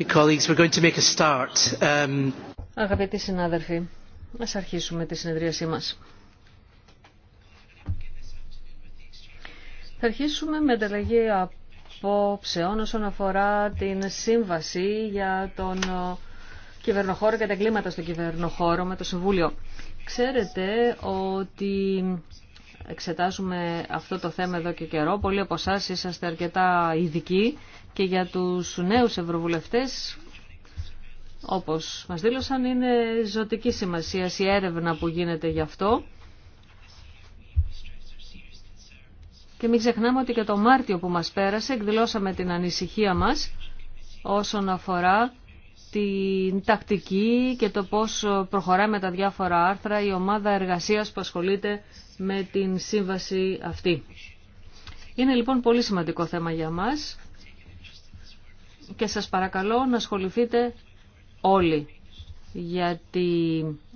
Um, Αγαπητοί συνάδελφοι, ας αρχίσουμε τη συνεδρίασή μας. Θα αρχίσουμε με ανταλλαγή απόψεων όσον αφορά την σύμβαση για τον ε, κυβερνοχώρο και τα κλίματα στον κυβερνοχώρο με το Συμβούλιο. Ξέρετε ότι εξετάζουμε αυτό το θέμα εδώ και καιρό. Πολλοί από εσά είσαστε αρκετά ειδικοί και για τους νέους ευρωβουλευτές, όπως μας δήλωσαν, είναι ζωτική σημασία η έρευνα που γίνεται γι' αυτό. Και μην ξεχνάμε ότι και το Μάρτιο που μας πέρασε εκδηλώσαμε την ανησυχία μας όσον αφορά την τακτική και το πώς προχωράει με τα διάφορα άρθρα η ομάδα εργασίας που ασχολείται με την σύμβαση αυτή. Είναι λοιπόν πολύ σημαντικό θέμα για μας και σας παρακαλώ να ασχοληθείτε όλοι γιατί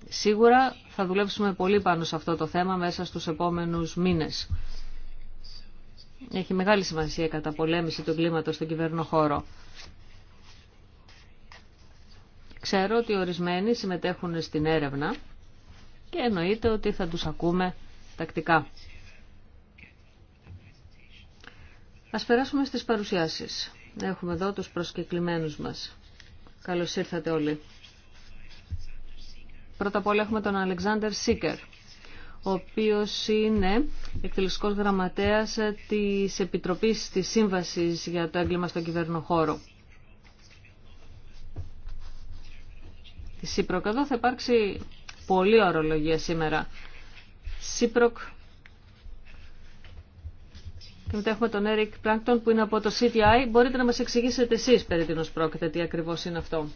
σίγουρα θα δουλέψουμε πολύ πάνω σε αυτό το θέμα μέσα στους επόμενους μήνες. Έχει μεγάλη σημασία η καταπολέμηση του κλίματος στον κυβερνό Ξέρω ότι ορισμένοι συμμετέχουν στην έρευνα και εννοείται ότι θα τους ακούμε τακτικά. Ας περάσουμε στις παρουσιάσεις. Έχουμε εδώ τους προσκεκλημένους μας. Καλώς ήρθατε όλοι. Πρώτα απ' όλα έχουμε τον Αλεξάνδερ Σίκερ, ο οποίος είναι εκτελεστικός γραμματέας της Επιτροπής της Σύμβασης για το έγκλημα στον κυβερνοχώρο. ΣΥΠΡΟΚ. Εδώ θα υπάρξει πολλή ορολογία σήμερα. ΣΥΠΡΟΚ. Και μετά έχουμε τον Eric Plankton που είναι από το CTI. Μπορείτε να μας εξηγήσετε εσείς περί τίνος πρόκειται, τι ακριβώς είναι αυτό.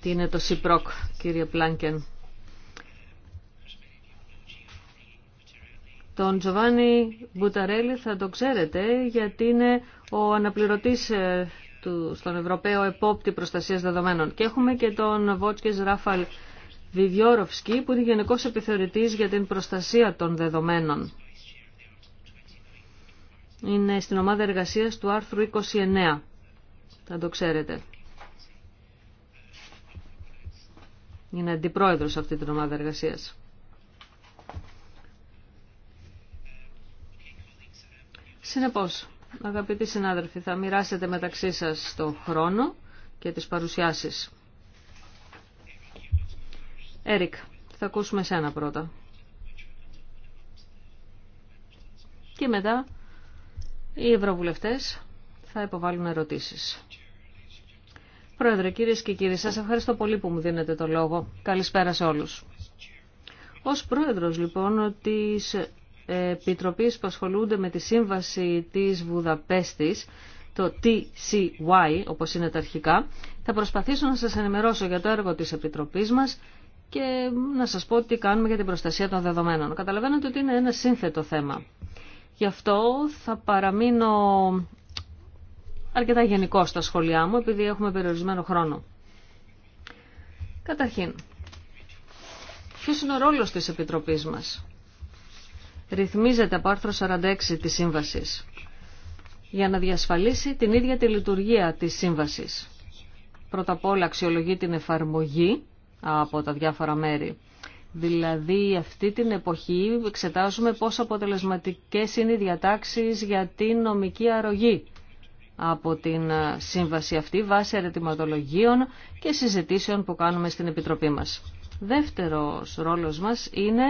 Τι είναι το ΣΥΠΡΟΚ, κύριε Πλάνκεν. Τον Τζοβάνι Μπουταρέλη θα το ξέρετε γιατί είναι ο αναπληρωτής ε, του, στον Ευρωπαίο Επόπτη Προστασίας Δεδομένων. Και έχουμε και τον Βότσκες Ράφαλ Βιβιόροφσκι που είναι γενικός επιθεωρητής για την προστασία των δεδομένων. Είναι στην ομάδα εργασίας του άρθρου 29. Θα το ξέρετε. Είναι αντιπρόεδρος αυτή την ομάδα εργασίας. Συνεπώς, αγαπητοί συνάδελφοι, θα μοιράσετε μεταξύ σας το χρόνο και τις παρουσιάσεις. Έρικ, θα ακούσουμε σένα πρώτα. Και μετά οι ευρωβουλευτές θα υποβάλουν ερωτήσεις. Πρόεδρε, κύριε και κύριοι, σας ευχαριστώ πολύ που μου δίνετε το λόγο. Καλησπέρα σε όλους. Ως πρόεδρος λοιπόν της Επιτροπής που ασχολούνται με τη σύμβαση της Βουδαπέστης, το TCY, όπως είναι τα αρχικά, θα προσπαθήσω να σας ενημερώσω για το έργο της Επιτροπής μας και να σας πω τι κάνουμε για την προστασία των δεδομένων. Καταλαβαίνετε ότι είναι ένα σύνθετο θέμα. Γι' αυτό θα παραμείνω αρκετά γενικό στα σχόλιά μου, επειδή έχουμε περιορισμένο χρόνο. Καταρχήν, ποιος είναι ο ρόλος της Επιτροπής μας ρυθμίζεται από άρθρο 46 της Σύμβασης για να διασφαλίσει την ίδια τη λειτουργία της Σύμβασης. Πρώτα απ' όλα αξιολογεί την εφαρμογή από τα διάφορα μέρη. Δηλαδή αυτή την εποχή εξετάζουμε πόσο αποτελεσματικές είναι οι διατάξεις για την νομική αρρωγή από την σύμβαση αυτή βάσει αρετηματολογίων και συζητήσεων που κάνουμε στην Επιτροπή μας. Δεύτερος ρόλος μας είναι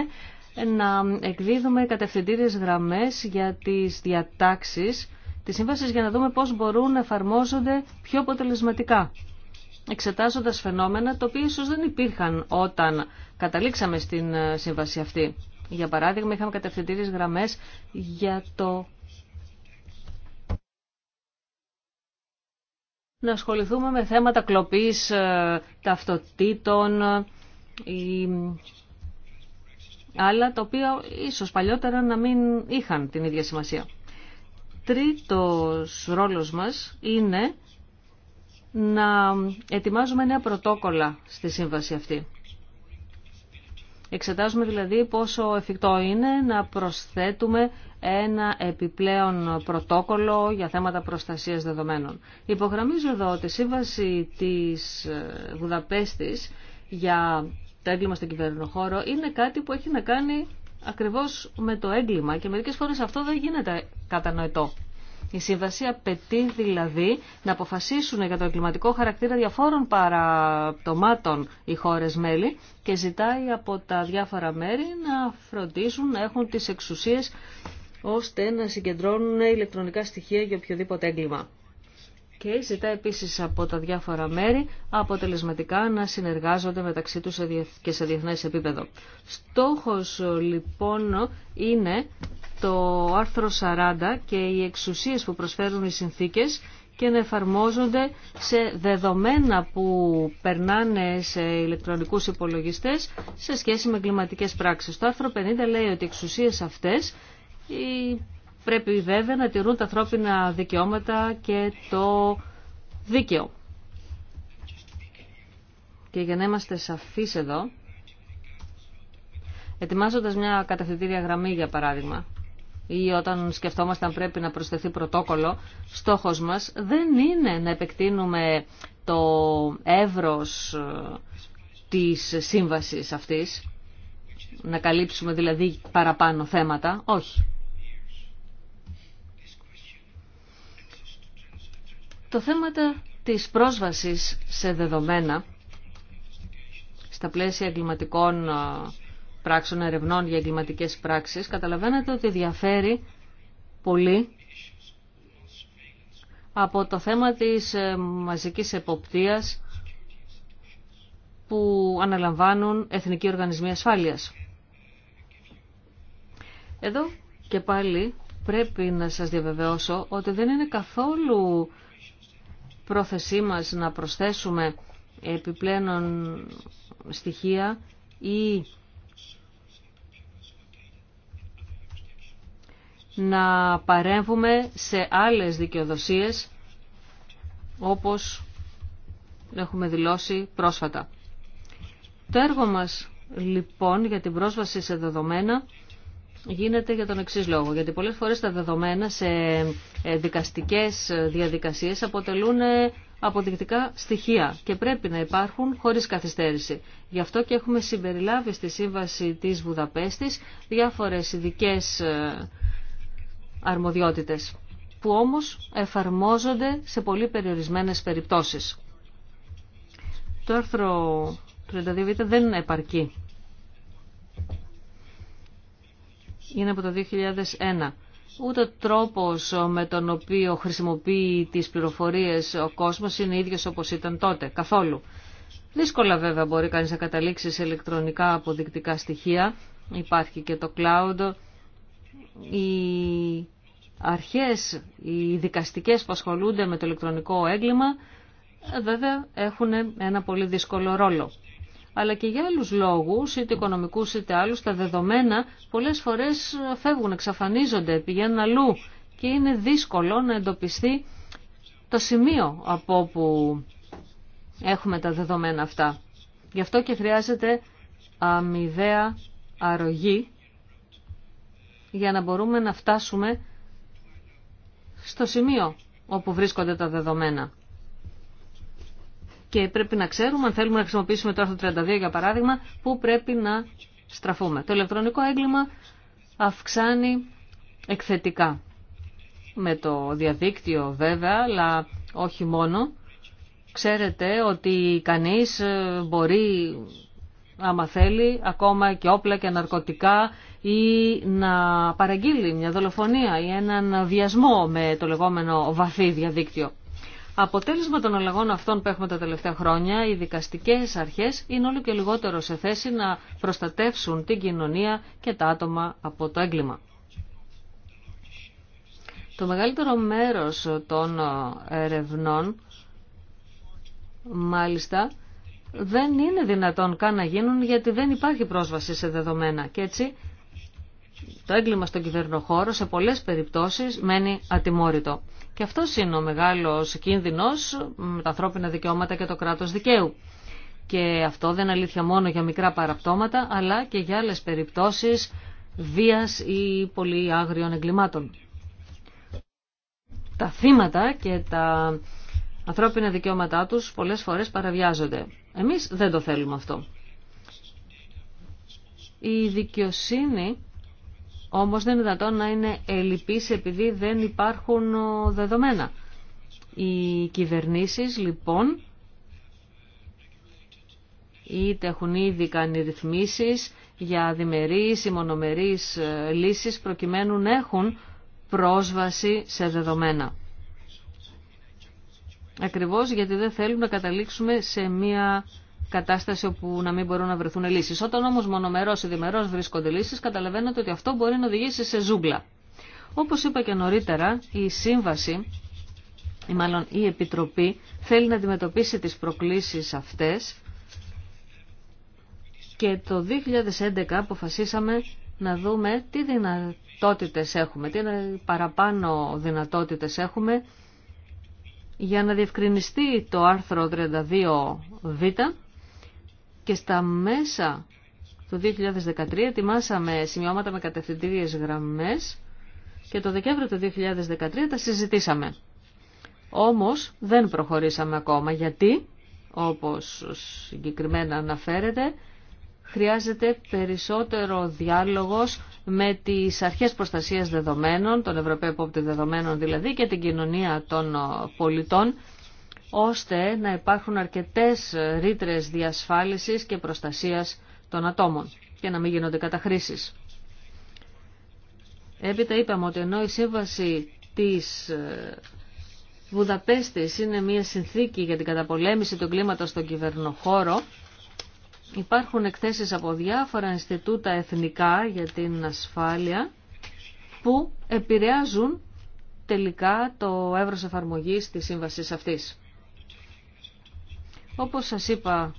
να εκδίδουμε κατευθυντήριες γραμμές για τις διατάξεις της σύμβασης για να δούμε πώς μπορούν να εφαρμόζονται πιο αποτελεσματικά εξετάζοντας φαινόμενα τα οποία ίσως δεν υπήρχαν όταν καταλήξαμε στην ε, σύμβαση αυτή. Για παράδειγμα, είχαμε κατευθυντήριες γραμμές για το να ασχοληθούμε με θέματα κλοπής ε, ταυτοτήτων ή ε, αλλά τα οποία ίσως παλιότερα να μην είχαν την ίδια σημασία. Τρίτος ρόλος μας είναι να ετοιμάζουμε νέα πρωτόκολλα στη σύμβαση αυτή. Εξετάζουμε δηλαδή πόσο εφικτό είναι να προσθέτουμε ένα επιπλέον πρωτόκολλο για θέματα προστασίας δεδομένων. Υπογραμμίζω εδώ ότι η σύμβαση της Βουδαπέστης για το έγκλημα στον κυβερνοχώρο είναι κάτι που έχει να κάνει ακριβώς με το έγκλημα και μερικές φορές αυτό δεν γίνεται κατανοητό. Η σύμβαση απαιτεί δηλαδή να αποφασίσουν για το εγκληματικό χαρακτήρα διαφόρων παραπτωμάτων οι χώρες μέλη και ζητάει από τα διάφορα μέρη να φροντίζουν να έχουν τις εξουσίες ώστε να συγκεντρώνουν ηλεκτρονικά στοιχεία για οποιοδήποτε έγκλημα και ζητά επίσης από τα διάφορα μέρη αποτελεσματικά να συνεργάζονται μεταξύ τους και σε διεθνές επίπεδο. Στόχος ε, λοιπόν είναι το άρθρο 40 και οι εξουσίες που προσφέρουν οι συνθήκες και να εφαρμόζονται σε δεδομένα που περνάνε σε ηλεκτρονικούς υπολογιστές σε σχέση με κλιματικές πράξεις. Το άρθρο 50 λέει ότι οι εξουσίες αυτές πρέπει βέβαια να τηρούν τα ανθρώπινα δικαιώματα και το δίκαιο. Και για να είμαστε σαφείς εδώ, ετοιμάζοντας μια κατευθυντήρια γραμμή για παράδειγμα, ή όταν σκεφτόμαστε αν πρέπει να προσθεθεί πρωτόκολλο, στόχος μας δεν είναι να επεκτείνουμε το εύρος ε, της σύμβασης αυτής, να καλύψουμε δηλαδή παραπάνω θέματα, όχι. Το θέμα της πρόσβασης σε δεδομένα στα πλαίσια εγκληματικών πράξεων, ερευνών για εγκληματικές πράξεις, καταλαβαίνετε ότι διαφέρει πολύ από το θέμα της ε, μαζικής εποπτείας που αναλαμβάνουν εθνικοί οργανισμοί ασφάλειας. Εδώ και πάλι πρέπει να σας διαβεβαιώσω ότι δεν είναι καθόλου πρόθεσή μας να προσθέσουμε επιπλέον στοιχεία ή να παρέμβουμε σε άλλες δικαιοδοσίες όπως έχουμε δηλώσει πρόσφατα. Το έργο μας λοιπόν για την πρόσβαση σε δεδομένα γίνεται για τον εξή λόγο. Γιατί πολλέ φορέ τα δεδομένα σε ε, δικαστικέ ε, διαδικασίε αποτελούν ε, αποδεικτικά στοιχεία και πρέπει να υπάρχουν χωρί καθυστέρηση. Γι' αυτό και έχουμε συμπεριλάβει στη Σύμβαση τη Βουδαπέστη διάφορε ειδικέ αρμοδιότητε που όμως εφαρμόζονται σε πολύ περιορισμένε περιπτώσει. Το άρθρο δεν επαρκεί είναι από το 2001. Ούτε ο τρόπος με τον οποίο χρησιμοποιεί τις πληροφορίες ο κόσμος είναι ίδιος όπως ήταν τότε, καθόλου. Δύσκολα βέβαια μπορεί κανείς να καταλήξει σε ηλεκτρονικά αποδεικτικά στοιχεία. Υπάρχει και το cloud. Οι αρχές, οι δικαστικές που ασχολούνται με το ηλεκτρονικό έγκλημα ε, βέβαια έχουν ένα πολύ δύσκολο ρόλο αλλά και για άλλους λόγους, είτε οικονομικούς είτε άλλους, τα δεδομένα πολλές φορές φεύγουν, εξαφανίζονται, πηγαίνουν αλλού και είναι δύσκολο να εντοπιστεί το σημείο από όπου έχουμε τα δεδομένα αυτά. Γι' αυτό και χρειάζεται αμοιβαία αρρωγή για να μπορούμε να φτάσουμε στο σημείο όπου βρίσκονται τα δεδομένα και πρέπει να ξέρουμε, αν θέλουμε να χρησιμοποιήσουμε το άρθρο 32 για παράδειγμα, πού πρέπει να στραφούμε. Το ηλεκτρονικό έγκλημα αυξάνει εκθετικά με το διαδίκτυο βέβαια, αλλά όχι μόνο. Ξέρετε ότι κανείς ε, μπορεί, άμα θέλει, ακόμα και όπλα και ναρκωτικά ή να παραγγείλει μια δολοφονία ή έναν βιασμό με το λεγόμενο βαθύ διαδίκτυο. Αποτέλεσμα των αλλαγών αυτών που έχουμε τα τελευταία χρόνια, οι δικαστικές αρχές είναι όλο και λιγότερο σε θέση να προστατεύσουν την κοινωνία και τα άτομα από το έγκλημα. Το μεγαλύτερο μέρος των ερευνών, μάλιστα, δεν είναι δυνατόν καν να γίνουν γιατί δεν υπάρχει πρόσβαση σε δεδομένα και έτσι το έγκλημα στον κυβερνοχώρο σε πολλές περιπτώσεις μένει ατιμόρυτο. Και αυτό είναι ο μεγάλος κίνδυνο με τα ανθρώπινα δικαιώματα και το κράτος δικαίου. Και αυτό δεν είναι αλήθεια μόνο για μικρά παραπτώματα, αλλά και για άλλε περιπτώσεις βίας ή πολύ άγριων εγκλημάτων. Τα θύματα και τα ανθρώπινα δικαιώματά τους πολλές φορές παραβιάζονται. Εμείς δεν το θέλουμε αυτό. Η δικαιοσύνη όμως δεν είναι δυνατόν να είναι ελλειπής επειδή δεν υπάρχουν ε, δεδομένα. Οι κυβερνήσεις λοιπόν είτε έχουν ήδη κάνει ρυθμίσεις για διμερείς ή μονομερείς ε, λύσεις προκειμένου να έχουν πρόσβαση σε δεδομένα. Ακριβώς γιατί δεν θέλουμε να καταλήξουμε σε μια κατάσταση όπου να μην μπορούν να βρεθούν λύσεις. Όταν όμως λύσει. λύσεις, καταλαβαίνετε ότι αυτό όμω μονομερό η διμερο βρισκονται λύσει, μάλλον η Επιτροπή, θέλει να οδηγησει σε ζουγκλα Όπω ειπα και νωριτερα η συμβαση η μαλλον η επιτροπη θελει να αντιμετωπισει τι προκλήσει αυτέ και το 2011 αποφασίσαμε να δούμε τι δυνατότητες έχουμε, τι παραπάνω δυνατότητες έχουμε για να διευκρινιστεί το άρθρο 32β και στα μέσα του 2013 ετοιμάσαμε σημειώματα με κατευθυντήριες γραμμές και το Δεκέμβριο του 2013 τα συζητήσαμε. Όμως δεν προχωρήσαμε ακόμα γιατί, όπως συγκεκριμένα αναφέρεται, χρειάζεται περισσότερο διάλογος με τις αρχές προστασίας δεδομένων, τον Ευρωπαίων Πόπτων Δεδομένων δηλαδή και την κοινωνία των πολιτών ώστε να υπάρχουν αρκετές ρήτρε διασφάλισης και προστασίας των ατόμων και να μην γίνονται καταχρήσεις. Έπειτα είπαμε ότι ενώ η σύμβαση της ε, Βουδαπέστης είναι μια συνθήκη για την καταπολέμηση του κλίματος στον κυβερνοχώρο, υπάρχουν εκθέσεις από διάφορα Ινστιτούτα Εθνικά για την Ασφάλεια που επηρεάζουν τελικά το εύρος εφαρμογής της σύμβασης αυτής. Όπως σας είπα,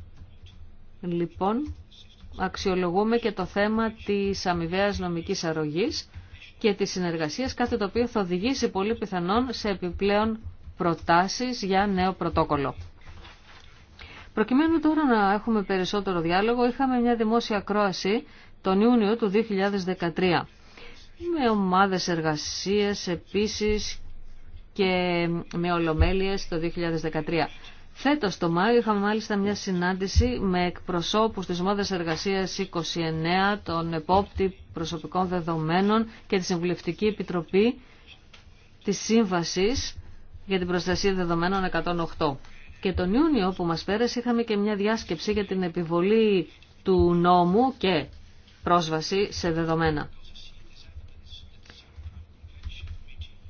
λοιπόν, αξιολογούμε και το θέμα της αμοιβαία νομικής αρρωγής και της συνεργασίας, κάτι το οποίο θα οδηγήσει πολύ πιθανόν σε επιπλέον προτάσεις για νέο πρωτόκολλο. Προκειμένου τώρα να έχουμε περισσότερο διάλογο, είχαμε μια δημόσια κρόαση τον Ιούνιο του 2013 με ομάδες εργασίας επίσης και με ολομέλειες το 2013. Φέτος το Μάιο είχαμε μάλιστα μια συνάντηση με εκπροσώπους της Ομάδας Εργασίας 29, τον Επόπτη Προσωπικών Δεδομένων και τη Συμβουλευτική Επιτροπή της Σύμβασης για την Προστασία Δεδομένων 108. Και τον Ιούνιο που μας πέρασε είχαμε και μια διάσκεψη για την επιβολή του νόμου και πρόσβαση σε δεδομένα.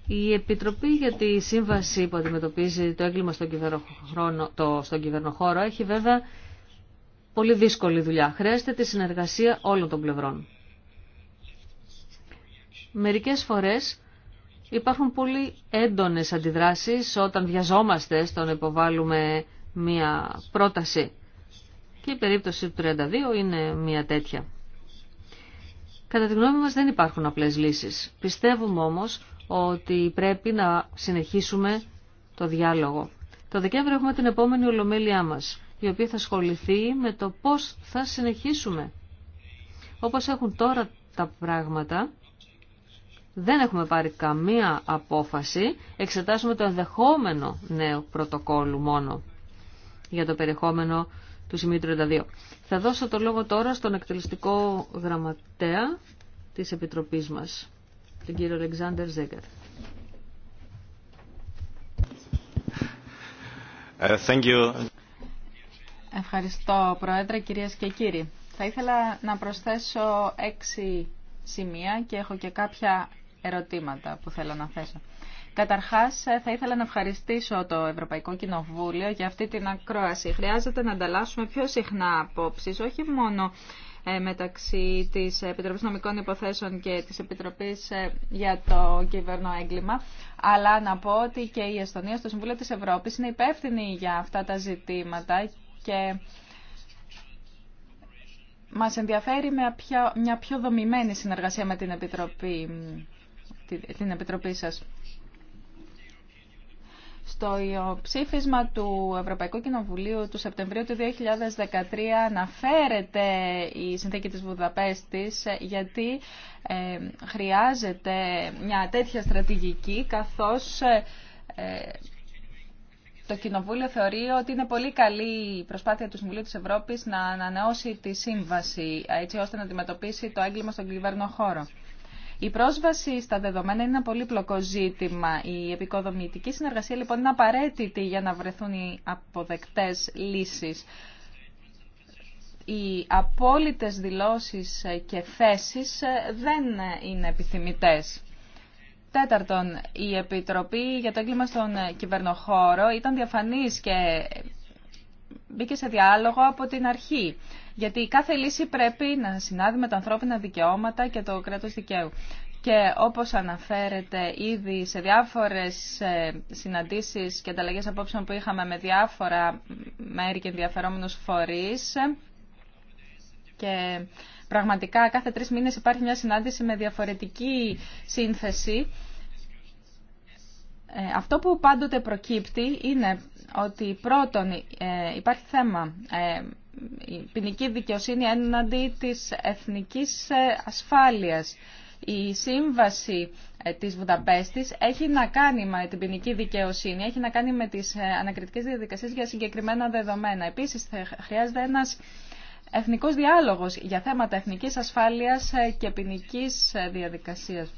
Η Επιτροπή για τη Σύμβαση που αντιμετωπίζει το έγκλημα στον, το, στον κυβερνοχώρο έχει βέβαια πολύ δύσκολη δουλειά. Χρειάζεται τη συνεργασία όλων των πλευρών. Μερικές φορές υπάρχουν πολύ έντονες αντιδράσεις όταν βιαζόμαστε στο να υποβάλουμε μία πρόταση. Και η περίπτωση του 32 είναι μία τέτοια. Κατά τη γνώμη μας δεν υπάρχουν απλές λύσεις. Πιστεύουμε όμως ότι πρέπει να συνεχίσουμε το διάλογο. Το Δεκέμβριο έχουμε την επόμενη ολομέλειά μας, η οποία θα ασχοληθεί με το πώς θα συνεχίσουμε. Όπως έχουν τώρα τα πράγματα, δεν έχουμε πάρει καμία απόφαση, εξετάσουμε το ενδεχόμενο νέο πρωτοκόλλου μόνο για το περιεχόμενο του σημείου 32. Θα δώσω το λόγο τώρα στον εκτελεστικό γραμματέα της Επιτροπής μας τον κύριο Αλεξάνδερ ε, Ευχαριστώ, Πρόεδρε, κυρίες και κύριοι. Θα ήθελα να προσθέσω έξι σημεία και έχω και κάποια ερωτήματα που θέλω να θέσω. Καταρχάς, ε, θα ήθελα να ευχαριστήσω το Ευρωπαϊκό Κοινοβούλιο για αυτή την ακρόαση. Χρειάζεται να ανταλλάσσουμε πιο συχνά απόψεις, όχι μόνο ε, μεταξύ της Επιτροπής Νομικών Υποθέσεων και της Επιτροπής ε, για το κυβερνό έγκλημα. Αλλά να πω ότι και η Εστονία στο Συμβούλιο της Ευρώπης είναι υπεύθυνη για αυτά τα ζητήματα και μας ενδιαφέρει με μια πιο δομημένη συνεργασία με την Επιτροπή, την Επιτροπή σας. Στο ψήφισμα του Ευρωπαϊκού Κοινοβουλίου του Σεπτεμβρίου του 2013 αναφέρεται η συνθήκη της Βουδαπέστης γιατί ε, χρειάζεται μια τέτοια στρατηγική καθώς ε, το Κοινοβούλιο θεωρεί ότι είναι πολύ καλή η προσπάθεια του Συμβουλίου της Ευρώπης να ανανεώσει τη σύμβαση έτσι ώστε να αντιμετωπίσει το έγκλημα στον κυβερνό χώρο. Η πρόσβαση στα δεδομένα είναι ένα πολύπλοκο ζήτημα. Η επικοδομητική συνεργασία λοιπόν είναι απαραίτητη για να βρεθούν οι αποδεκτές λύσεις. Οι απόλυτες δηλώσεις και θέσεις δεν είναι επιθυμητές. Τέταρτον, η Επιτροπή για το έγκλημα στον κυβερνοχώρο ήταν διαφανής και μπήκε σε διάλογο από την αρχή. Γιατί κάθε λύση πρέπει να συνάδει με τα ανθρώπινα δικαιώματα και το κράτος δικαίου. Και όπως αναφέρεται ήδη σε διάφορες ε, συναντήσεις και ανταλλαγές απόψεων που είχαμε με διάφορα μέρη και ενδιαφερόμενους φορείς και πραγματικά κάθε τρεις μήνες υπάρχει μια συνάντηση με διαφορετική σύνθεση ε, αυτό που πάντοτε προκύπτει είναι ότι πρώτον ε, υπάρχει θέμα ε, η ποινική δικαιοσύνη έναντι της εθνικής ασφάλειας. Η σύμβαση της Βουδαπέστης έχει να κάνει με την ποινική δικαιοσύνη, έχει να κάνει με τις ανακριτικές διαδικασίες για συγκεκριμένα δεδομένα. Επίσης, χρειάζεται ένας εθνικός διάλογος για θέματα εθνικής ασφάλειας και ποινική διαδικασίας.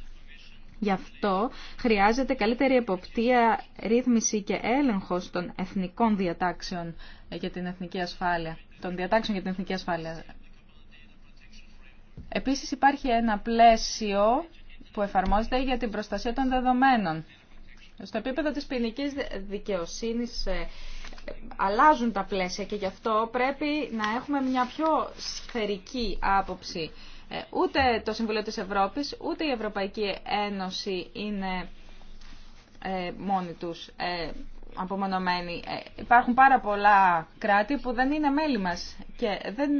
Γι' αυτό χρειάζεται καλύτερη εποπτεία, ρύθμιση και έλεγχος των εθνικών διατάξεων για την εθνική ασφάλεια. Των διατάξεων για την εθνική ασφάλεια. Επίσης υπάρχει ένα πλαίσιο που εφαρμόζεται για την προστασία των δεδομένων. Στο επίπεδο της ποινική δικαιοσύνης ε, αλλάζουν τα πλαίσια και γι' αυτό πρέπει να έχουμε μια πιο σφαιρική άποψη ε, ούτε το Συμβουλίο της Ευρώπης, ούτε η Ευρωπαϊκή Ένωση είναι ε, μόνοι τους ε, απομονωμένοι. Υπάρχουν πάρα πολλά κράτη που δεν είναι μέλη μας και δεν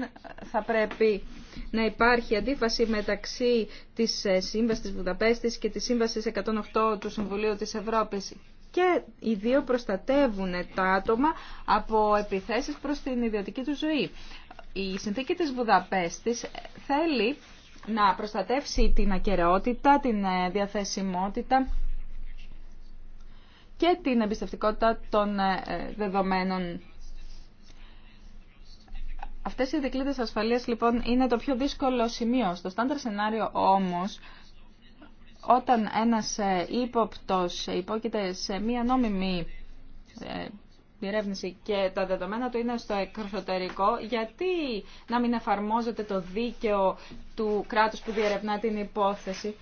θα πρέπει να υπάρχει αντίφαση μεταξύ της Σύμβασης της Βουδαπέστης και της Σύμβασης 108 του Συμβουλίου της Ευρώπης. Και οι δύο προστατεύουν τα άτομα από επιθέσεις προς την ιδιωτική του ζωή η συνθήκη της Βουδαπέστης θέλει να προστατεύσει την ακεραιότητα, την ε, διαθεσιμότητα και την εμπιστευτικότητα των ε, ε, δεδομένων. Αυτές οι δικλείδες ασφαλείας λοιπόν είναι το πιο δύσκολο σημείο. Στο στάνταρ σενάριο όμως, όταν ένας ύποπτος υπόκειται σε μία νόμιμη διερεύνηση και τα δεδομένα του είναι στο εξωτερικό, γιατί να μην εφαρμόζεται το δίκαιο του κράτους που διερευνά την υπόθεση.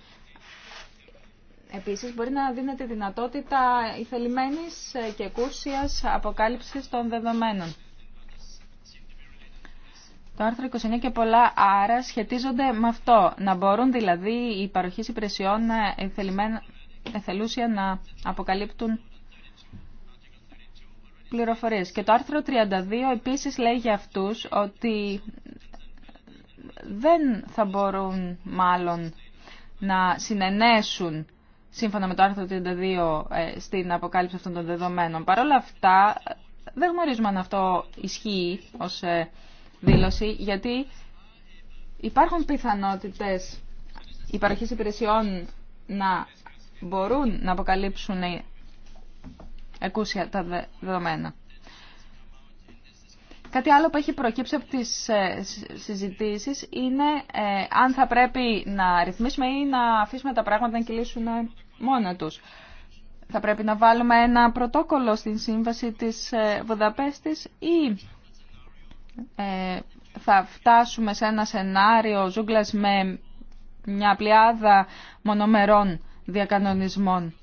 Επίσης μπορεί να δίνεται δυνατότητα ηθελημένης και κούρσιας αποκάλυψης των δεδομένων. Το άρθρο 29 και πολλά άρα σχετίζονται με αυτό. Να μπορούν δηλαδή οι παροχές υπηρεσιών ε, εθελούσια να αποκαλύπτουν πληροφορίες. Και το άρθρο 32 επίσης λέει για αυτούς ότι δεν θα μπορούν μάλλον να συνενέσουν σύμφωνα με το άρθρο 32 ε, στην αποκάλυψη αυτών των δεδομένων. Παρ' όλα αυτά δεν γνωρίζουμε αν αυτό ισχύει ως ε, δήλωση γιατί υπάρχουν πιθανότητες υπαρχής υπηρεσιών να μπορούν να αποκαλύψουν εκούσια τα δεδομένα. Κάτι άλλο που έχει προκύψει από τις ε, συζητήσεις είναι ε, αν θα πρέπει να ρυθμίσουμε ή να αφήσουμε τα πράγματα να κυλήσουν μόνα τους. Θα πρέπει να βάλουμε ένα πρωτόκολλο στην σύμβαση της ε, Βουδαπέστης ή θα φτάσουμε σε ένα σενάριο ζούγκλας με μια πλειάδα μονομερών διακανονισμών.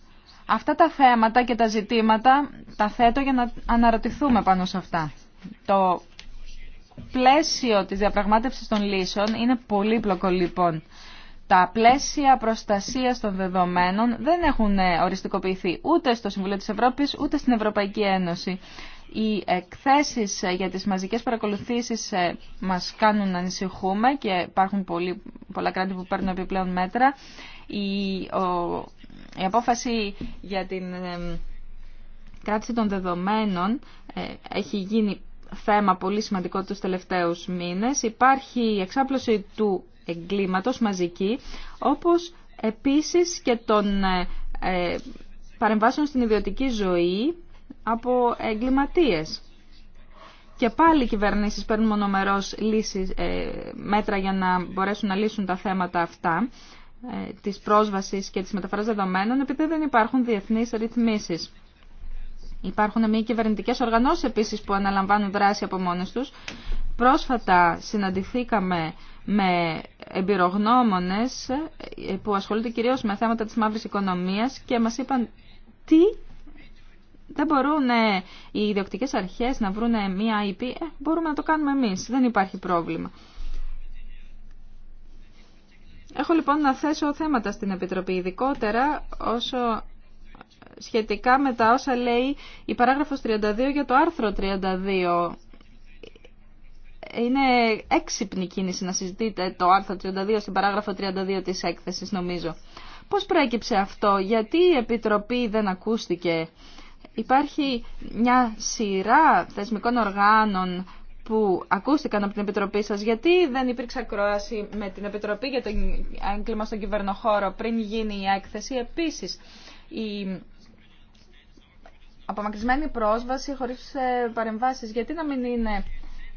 Αυτά τα θέματα και τα ζητήματα τα θέτω για να αναρωτηθούμε πάνω σε αυτά. Το πλαίσιο της διαπραγμάτευσης των λύσεων είναι πολύπλοκο λοιπόν. Τα πλαίσια προστασίας των δεδομένων δεν έχουν οριστικοποιηθεί ούτε στο Συμβουλίο της Ευρώπης ούτε στην Ευρωπαϊκή Ένωση. Οι εκθέσεις για τις μαζικές παρακολουθήσεις ε, μας κάνουν να ανησυχούμε και υπάρχουν πολλά κράτη που παίρνουν επιπλέον μέτρα η απόφαση για την κράτηση των δεδομένων ε, έχει γίνει θέμα πολύ σημαντικό τους τελευταίους μήνες. Υπάρχει η εξάπλωση του εγκλήματος μαζική, όπως επίσης και των ε, ε, παρεμβάσεων στην ιδιωτική ζωή από εγκληματίες. Και πάλι οι κυβερνήσεις παίρνουν μονομερός λύσεις, μέτρα για να μπορέσουν να λύσουν τα θέματα αυτά. Ε, της πρόσβασης και της μεταφοράς δεδομένων επειδή δεν υπάρχουν διεθνείς ρυθμίσεις. Υπάρχουν μη κυβερνητικέ οργανώσεις επίσης που αναλαμβάνουν δράση από μόνες τους. Πρόσφατα συναντηθήκαμε με εμπειρογνώμονες ε, που ασχολούνται κυρίως με θέματα της μαύρης οικονομίας και μας είπαν τι δεν μπορούν ε, οι ιδιοκτικές αρχές να βρουν μια IP, μπορούμε να το κάνουμε εμείς, δεν υπάρχει πρόβλημα. Έχω λοιπόν να θέσω θέματα στην Επιτροπή, ειδικότερα όσο σχετικά με τα όσα λέει η παράγραφος 32 για το άρθρο 32. Είναι έξυπνη κίνηση να συζητείτε το άρθρο 32 στην παράγραφο 32 της έκθεσης νομίζω. Πώς προέκυψε αυτό, γιατί η Επιτροπή δεν ακούστηκε. Υπάρχει μια σειρά θεσμικών οργάνων που ακούστηκαν από την Επιτροπή σας, γιατί δεν υπήρξε ακρόαση με την Επιτροπή για το έγκλημα στον κυβερνοχώρο πριν γίνει η έκθεση. Επίσης, η απομακρυσμένη πρόσβαση χωρίς ε, παρεμβάσεις, γιατί να μην είναι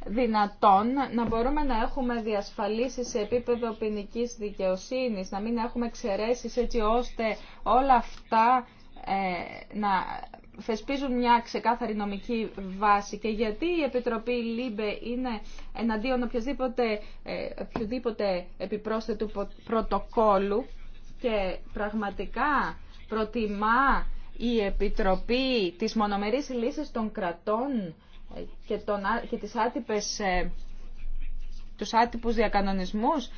δυνατόν να μπορούμε να έχουμε διασφαλίσει σε επίπεδο ποινική δικαιοσύνης, να μην έχουμε εξαιρέσει έτσι ώστε όλα αυτά ε, να θεσπίζουν μια ξεκάθαρη νομική βάση και γιατί η Επιτροπή ΛΥΜΠΕ είναι εναντίον οποιοδήποτε, ε, οποιοδήποτε επιπρόσθετου πρωτοκόλου και πραγματικά προτιμά η Επιτροπή της Μονομερής Λύσης των Κρατών ε, και, των, και τις άτυπες, τους άτυπους διακανονισμούς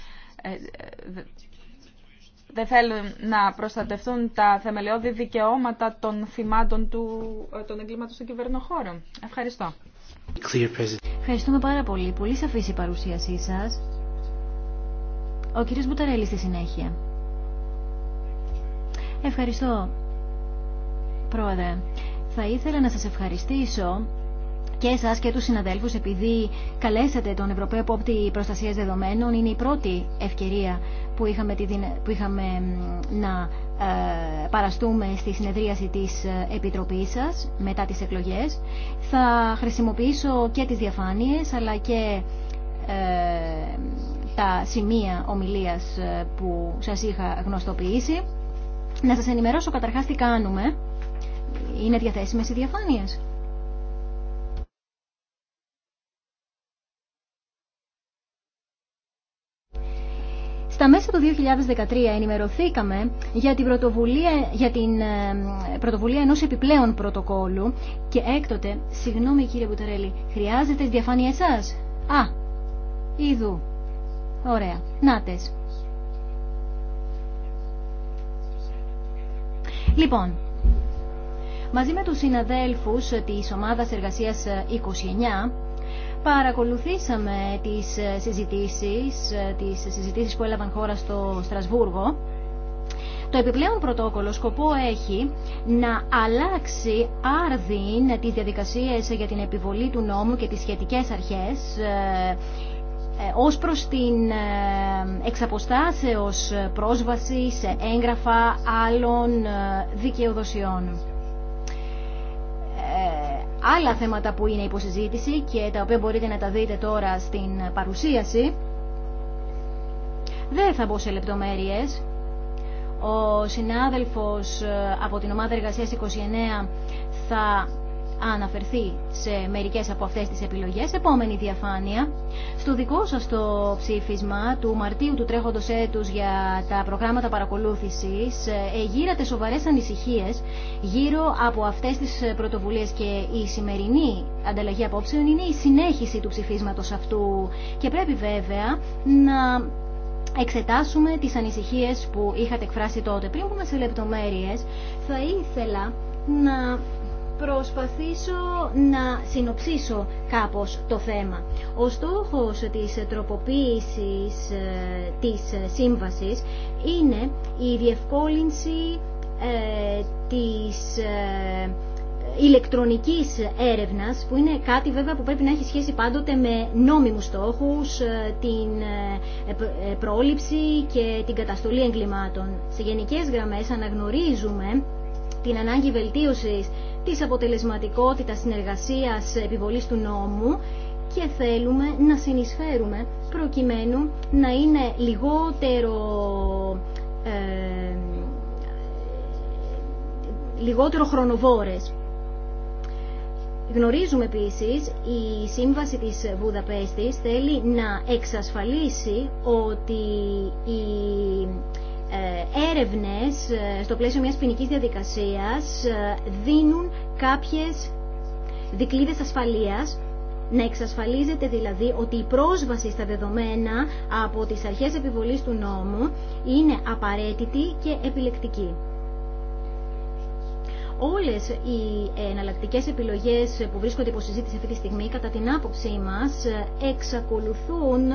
δεν θέλουν να προστατευτούν τα θεμελιώδη δικαιώματα των θυμάτων του, ε, των εγκλήματων στον κυβερνοχώρο. Ευχαριστώ. Ευχαριστούμε πάρα πολύ. Πολύ σαφής η παρουσίασή σας. Ο κύριος Μπουταρέλη στη συνέχεια. Ευχαριστώ, Πρόεδρε. Θα ήθελα να σας ευχαριστήσω και εσά και του συναδέλφου, επειδή καλέσατε τον Ευρωπαίο Πόπτη Προστασία Δεδομένων. Είναι η πρώτη ευκαιρία που είχαμε, που είχαμε να ε, παραστούμε στη συνεδρίαση της ε, Επιτροπής σας μετά τις εκλογές. Θα χρησιμοποιήσω και τι διαφάνειες αλλά και ε, τα σημεία ομιλίας που σας είχα γνωστοποιήσει. Να σας ενημερώσω καταρχάς τι κάνουμε. Είναι διαθέσιμες οι διαφάνειες. Στα μέσα του 2013 ενημερωθήκαμε για την πρωτοβουλία, για την, ε, πρωτοβουλία ενός επιπλέον πρωτοκόλου και έκτοτε, συγγνώμη κύριε Μπουταρέλη, χρειάζεται διαφάνεια εσάς. Α, είδου. Ωραία. Νάτες. Λοιπόν, μαζί με τους συναδέλφους της ομάδας εργασίας 29, παρακολουθήσαμε τις ε, συζητήσεις, ε, τις συζητήσεις που έλαβαν χώρα στο Στρασβούργο. Το επιπλέον πρωτόκολλο σκοπό έχει να αλλάξει άρδιν τις διαδικασίες για την επιβολή του νόμου και τις σχετικές αρχές ε, ως προς την εξαποστάσεως πρόσβαση σε έγγραφα άλλων δικαιοδοσιών. Ε, άλλα θέματα που είναι υποσυζήτηση και τα οποία μπορείτε να τα δείτε τώρα στην παρουσίαση. Δεν θα μπω σε λεπτομέρειες. Ο συνάδελφος ε, από την ομάδα εργασίας 29 θα αναφερθεί σε μερικές από αυτές τις επιλογές. Επόμενη διαφάνεια. Στο δικό σας το ψήφισμα του Μαρτίου του τρέχοντος έτους για τα προγράμματα παρακολούθησης ε, γύρατε σοβαρές ανησυχίες γύρω από αυτές τις πρωτοβουλίες και η σημερινή ανταλλαγή απόψεων είναι η συνέχιση του ψηφίσματος αυτού και πρέπει βέβαια να εξετάσουμε τις ανησυχίες που είχατε εκφράσει τότε. Πριν πούμε σε λεπτομέρειες, θα ήθελα να προσπαθήσω να συνοψίσω κάπως το θέμα. Ο στόχος της τροποποίησης ε, της σύμβασης είναι η διευκόλυνση ε, της ε, ηλεκτρονικής έρευνας που είναι κάτι βέβαια που πρέπει να έχει σχέση πάντοτε με νόμιμους στόχους την πρόληψη και την καταστολή εγκλημάτων. Σε γενικές γραμμές αναγνωρίζουμε την ανάγκη βελτίωσης της αποτελεσματικότητας συνεργασίας επιβολής του νόμου και θέλουμε να συνεισφέρουμε προκειμένου να είναι λιγότερο ε, λιγότερο χρονοβόρες. Γνωρίζουμε επίσης η σύμβαση της Βουδαπέστης θέλει να εξασφαλίσει ότι η ε, έρευνες ε, στο πλαίσιο μιας ποινική διαδικασίας ε, δίνουν κάποιες δικλείδες ασφαλείας να εξασφαλίζεται δηλαδή ότι η πρόσβαση στα δεδομένα από τις αρχές επιβολής του νόμου είναι απαραίτητη και επιλεκτική. Όλες οι εναλλακτικές επιλογές που βρίσκονται υπό συζήτηση αυτή τη στιγμή, κατά την άποψή μας, εξακολουθούν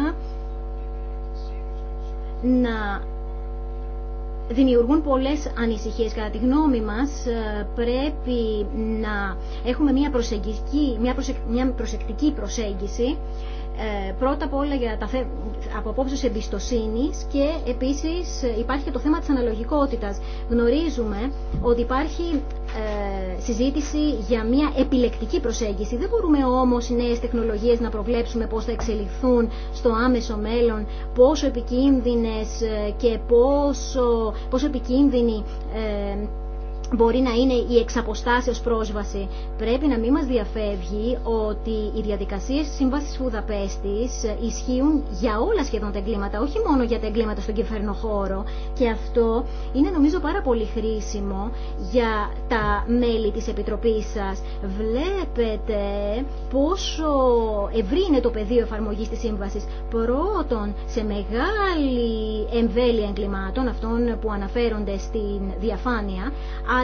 να δημιουργούν πολλές ανησυχίες. Κατά τη γνώμη μας ε, πρέπει να έχουμε μια προσεκτική, μια προσεκτική προσέγγιση ε, πρώτα απ' όλα για τα θε... από εμπιστοσύνης και επίσης ε, υπάρχει και το θέμα της αναλογικότητας. Γνωρίζουμε ότι υπάρχει ε, συζήτηση για μια επιλεκτική προσέγγιση. Δεν μπορούμε όμως οι νέες τεχνολογίες να προβλέψουμε πώς θα εξελιχθούν στο άμεσο μέλλον, πόσο επικίνδυνες και πόσο, πόσο επικίνδυνοι μπορεί να είναι η εξαποστάσεως πρόσβαση. Πρέπει να μην μας διαφεύγει ότι οι διαδικασίες της Σύμβασης Βουδαπέστης ισχύουν για όλα σχεδόν τα εγκλήματα, όχι μόνο για τα εγκλήματα στον κυφέρνο χώρο. Και αυτό είναι νομίζω πάρα πολύ χρήσιμο για τα μέλη της Επιτροπής σας. Βλέπετε πόσο ευρύ είναι το πεδίο εφαρμογής της Σύμβασης. Πρώτον, σε μεγάλη εμβέλεια εγκλημάτων, αυτών που αναφέρονται στην διαφάνεια,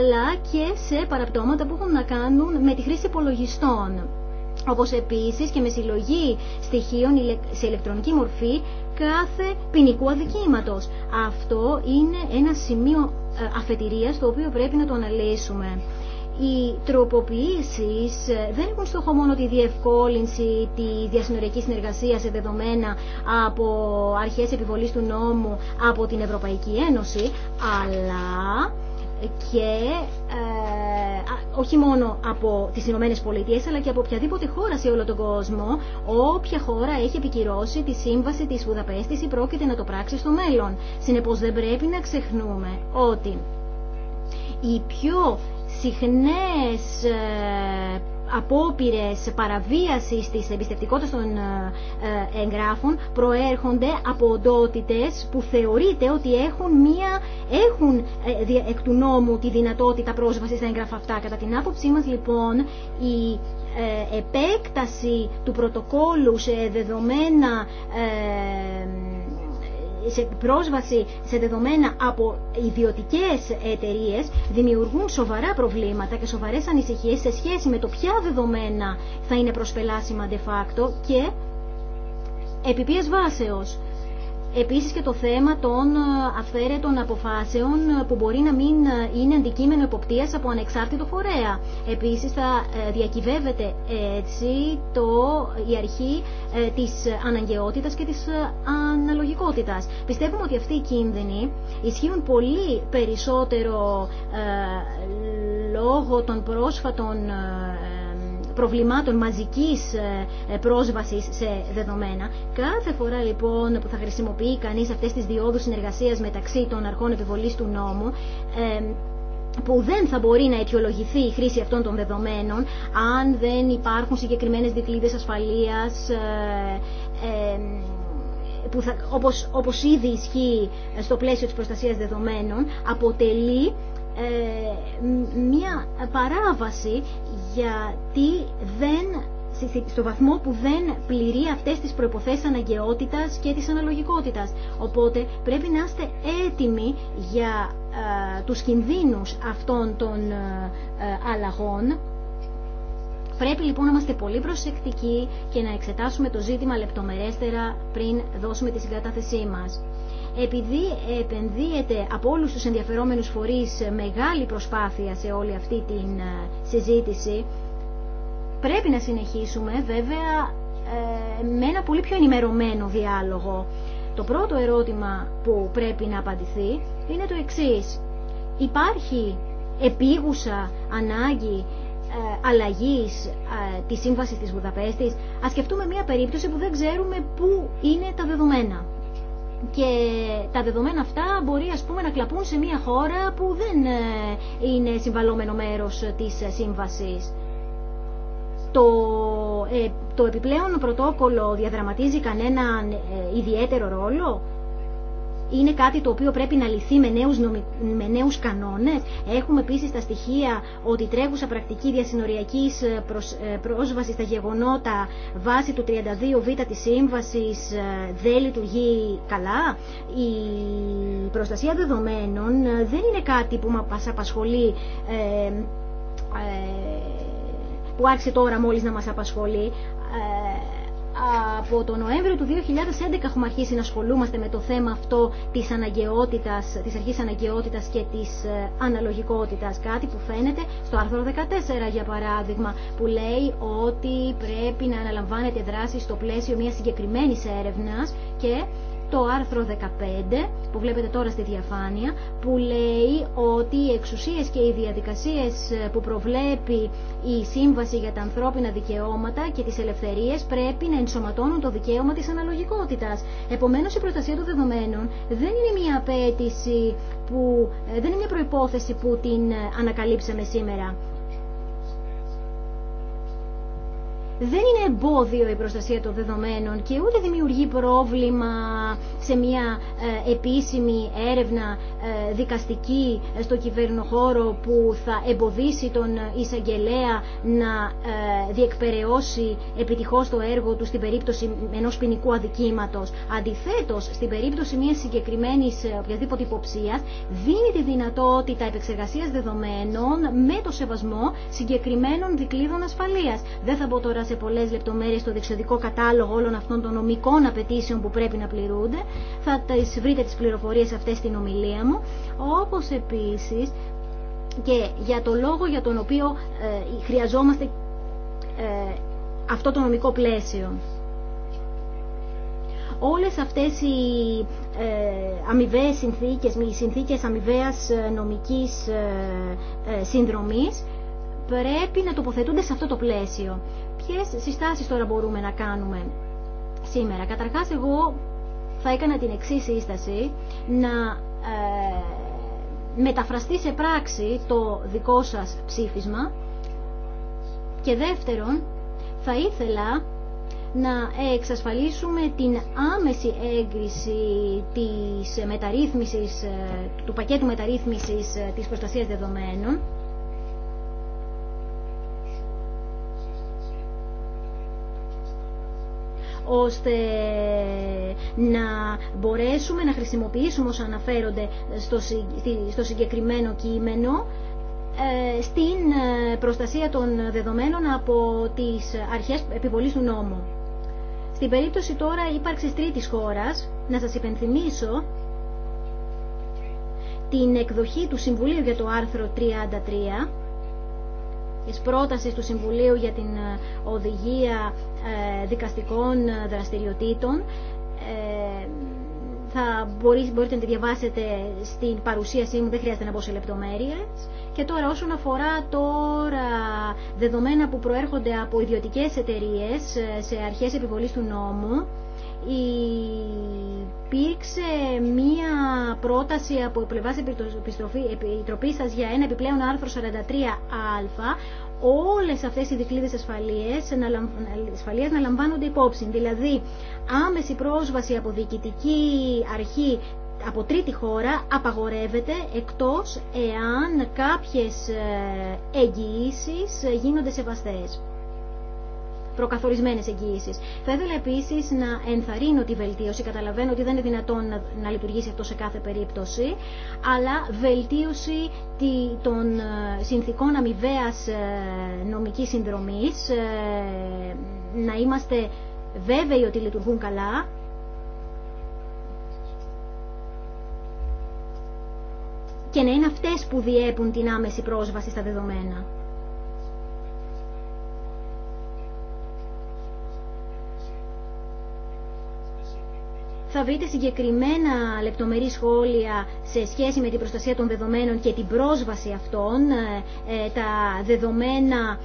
αλλά και σε παραπτώματα που έχουν να κάνουν με τη χρήση υπολογιστών όπως επίσης και με συλλογή στοιχείων σε ηλεκτρονική μορφή κάθε ποινικού αδικήματος. Αυτό είναι ένα σημείο ε, αφετηρίας το οποίο πρέπει να το αναλύσουμε. Οι τροποποιήσεις ε, δεν έχουν στόχο μόνο τη διευκόλυνση τη διασυνοριακή συνεργασία σε δεδομένα από αρχές επιβολής του νόμου από την Ευρωπαϊκή Ένωση, αλλά και ε, όχι μόνο από τις Ηνωμένε Πολιτείε, αλλά και από οποιαδήποτε χώρα σε όλο τον κόσμο, όποια χώρα έχει επικυρώσει τη σύμβαση της Βουδαπέστης ή πρόκειται να το πράξει στο μέλλον. Συνεπώς δεν πρέπει να ξεχνούμε ότι οι πιο συχνές ε, Απόπειρε παραβίαση της εμπιστευτικότητα των ε, ε, εγγράφων προέρχονται από οντότητε που θεωρείται ότι έχουν, μία, έχουν ε, εκ του νόμου τη δυνατότητα πρόσβαση στα εγγράφα αυτά. Κατά την άποψή μα, λοιπόν η επέκταση του πρωτοκόλου σε δεδομένα σε πρόσβαση σε δεδομένα από ιδιωτικέ εταιρείε δημιουργούν σοβαρά προβλήματα και σοβαρές ανησυχίε σε σχέση με το ποια δεδομένα θα είναι προσπελάσιμα de facto και επί βάσεως. Επίσης και το θέμα των ε, αυθαίρετων αποφάσεων ε, που μπορεί να μην ε, είναι αντικείμενο εποπτείας από ανεξάρτητο φορέα. Επίσης θα διακυβεύεται έτσι το, η αρχή της αναγκαιότητας και της αναλογικότητας. Πιστεύουμε ότι αυτοί οι κίνδυνοι ισχύουν πολύ περισσότερο λόγω των πρόσφατων προβλημάτων μαζικής ε, ε, πρόσβασης σε δεδομένα. Κάθε φορά λοιπόν που θα χρησιμοποιεί κανείς αυτές τις διόδους συνεργασίας μεταξύ των αρχών επιβολής του νόμου, ε, που δεν θα μπορεί να αιτιολογηθεί η χρήση αυτών των δεδομένων αν δεν υπάρχουν συγκεκριμένες δικλείδες ασφαλείας που όπως, όπως ήδη ισχύει στο πλαίσιο της προστασίας δεδομένων αποτελεί ε, μία παράβαση γιατί δεν στο βαθμό που δεν πληρεί αυτές τις προϋποθέσεις αναγκαιότητας και της αναλογικότητας. Οπότε πρέπει να είστε έτοιμοι για ε, τους κινδύνους αυτών των ε, αλλαγών. Πρέπει λοιπόν να είμαστε πολύ προσεκτικοί και να εξετάσουμε το ζήτημα λεπτομερέστερα πριν δώσουμε τη συγκατάθεσή μας επειδή επενδύεται από όλους τους ενδιαφερόμενους φορείς μεγάλη προσπάθεια σε όλη αυτή την ε, συζήτηση, πρέπει να συνεχίσουμε βέβαια ε, με ένα πολύ πιο ενημερωμένο διάλογο. Το πρώτο ερώτημα που πρέπει να απαντηθεί είναι το εξής. Υπάρχει επίγουσα ανάγκη ε, αλλαγής της σύμβασης της Βουδαπέστης. Ας σκεφτούμε μια περίπτωση που δεν ξέρουμε πού είναι τα δεδομένα και τα δεδομένα αυτά μπορεί ας πούμε να κλαπούν σε μια χώρα που δεν ε, είναι συμβαλόμενο μέρος της σύμβασης. Το, ε, το επιπλέον πρωτόκολλο διαδραματίζει κανέναν ε, ιδιαίτερο ρόλο είναι κάτι το οποίο πρέπει να λυθεί με νέους, νομι... κανόνες. Έχουμε επίσης τα στοιχεία ότι τρέχουσα πρακτική διασυνοριακής ε, προσ... Ε, πρόσβασης στα γεγονότα βάσει του 32β της σύμβασης ε, δεν λειτουργεί καλά. Η προστασία δεδομένων δεν είναι κάτι που μας απασχολεί που άρχισε τώρα μόλις να μας απασχολεί από το Νοέμβριο του 2011 έχουμε αρχίσει να ασχολούμαστε με το θέμα αυτό της, αναγκαιότητας, της αρχής αναγκαιότητας και της ε, αναλογικότητας. Κάτι που φαίνεται στο άρθρο 14 για παράδειγμα που λέει ότι πρέπει να αναλαμβάνεται δράση στο πλαίσιο μιας συγκεκριμένης έρευνας και το άρθρο 15 που βλέπετε τώρα στη διαφάνεια που λέει ότι οι εξουσίες και οι διαδικασίες ε, που προβλέπει η Σύμβαση για τα ανθρώπινα δικαιώματα και τις ελευθερίες πρέπει να ενσωματώνουν το δικαίωμα της αναλογικότητας. Επομένως η προστασία των δεδομένων δεν είναι μια απέτηση που ε, δεν είναι μια προϋπόθεση που την ε, ανακαλύψαμε σήμερα. δεν είναι εμπόδιο η προστασία των δεδομένων και ούτε δημιουργεί πρόβλημα σε μια ε, επίσημη έρευνα ε, δικαστική ε, στο κυβερνοχώρο που θα εμποδίσει τον εισαγγελέα να διεκπεραιώσει επιτυχώς το έργο του στην περίπτωση ενός ποινικού αδικήματος. Αντιθέτως, στην περίπτωση μιας συγκεκριμένης οποιαδήποτε υποψίας, δίνει τη δυνατότητα επεξεργασίας δεδομένων με το σεβασμό συγκεκριμένων δικλείδων ασφαλείας. Δεν θα τώρα σε πολλέ λεπτομέρειες το δεξιοδικό κατάλογο όλων αυτών των νομικών απαιτήσεων που πρέπει να πληρούνται. Θα τις βρείτε τι πληροφορίες αυτές στην ομιλία μου. Όπως επίσης και για το λόγο για τον οποίο ε, χρειαζόμαστε ε, αυτό το νομικό πλαίσιο. Όλες αυτές οι ε, αμοιβαίες συνθήκες, οι συνθήκες αμοιβαίας νομικής συνδρομής πρέπει να τοποθετούνται σε αυτό το πλαίσιο ποιες συστάσεις τώρα μπορούμε να κάνουμε σήμερα. Καταρχάς εγώ θα έκανα την εξή σύσταση να ε, μεταφραστεί σε πράξη το δικό σας ψήφισμα και δεύτερον θα ήθελα να εξασφαλίσουμε την άμεση έγκριση της μεταρρύθμισης, ε, του πακέτου μεταρρύθμισης ε, της προστασίας δεδομένων ώστε να μπορέσουμε να χρησιμοποιήσουμε όσα αναφέρονται στο συγκεκριμένο κείμενο ε, στην ε, προστασία των δεδομένων από τις αρχές επιβολής του νόμου. Στην περίπτωση τώρα ύπαρξη τρίτης χώρας, να σας υπενθυμίσω την εκδοχή του Συμβουλίου για το άρθρο 33 της πρότασης του Συμβουλίου για την ε, οδηγία ε, δικαστικών ε, δραστηριοτήτων. Θα μπορείτε να τη διαβάσετε στην παρουσίασή μου, δεν χρειάζεται να μπω σε λεπτομέρειες. Και τώρα όσον αφορά τώρα δεδομένα που προέρχονται από ιδιωτικές εταιρείες σε αρχές επιβολής του νόμου, υπήρξε μία πρόταση από πλευράς Επιτροπής σα για ένα επιπλέον άρθρο 43α όλες αυτές οι δικλείδες ασφαλεία, να, ασφαλείας να λαμβάνονται υπόψη. Δηλαδή άμεση πρόσβαση από διοικητική αρχή από τρίτη χώρα απαγορεύεται εκτός εάν κάποιες ε, εγγυήσεις γίνονται σεβαστές προκαθορισμένες εγγύησεις. Θα ήθελα επίσης να ενθαρρύνω τη βελτίωση. Καταλαβαίνω ότι δεν είναι δυνατόν να, λειτουργήσει αυτό σε κάθε περίπτωση, αλλά βελτίωση των ε, συνθήκων αμοιβαία ε, νομικής συνδρομής, ε, να είμαστε βέβαιοι ότι λειτουργούν καλά, και να είναι αυτές που διέπουν την άμεση πρόσβαση στα δεδομένα. θα βρείτε συγκεκριμένα λεπτομερή σχόλια σε σχέση με την προστασία των δεδομένων και την πρόσβαση αυτών, ε, ε, τα δεδομένα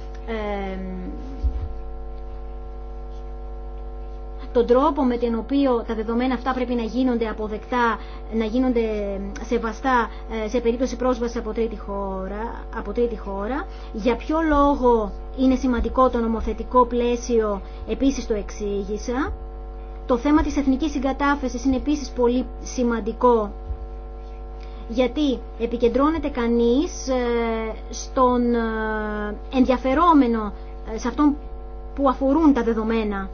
τον τρόπο με τον οποίο τα δεδομένα αυτά πρέπει να γίνονται αποδεκτά, να γίνονται σεβαστά ε, σε περίπτωση πρόσβασης από τρίτη χώρα, από τρίτη χώρα. για ποιο λόγο είναι σημαντικό το νομοθετικό πλαίσιο, επίσης το εξήγησα. Το θέμα της εθνικής συγκατάφεσης είναι επίσης πολύ σημαντικό γιατί επικεντρώνεται κανείς ε, στον ε, ενδιαφερόμενο, ε, σε αυτόν που αφορούν τα δεδομένα.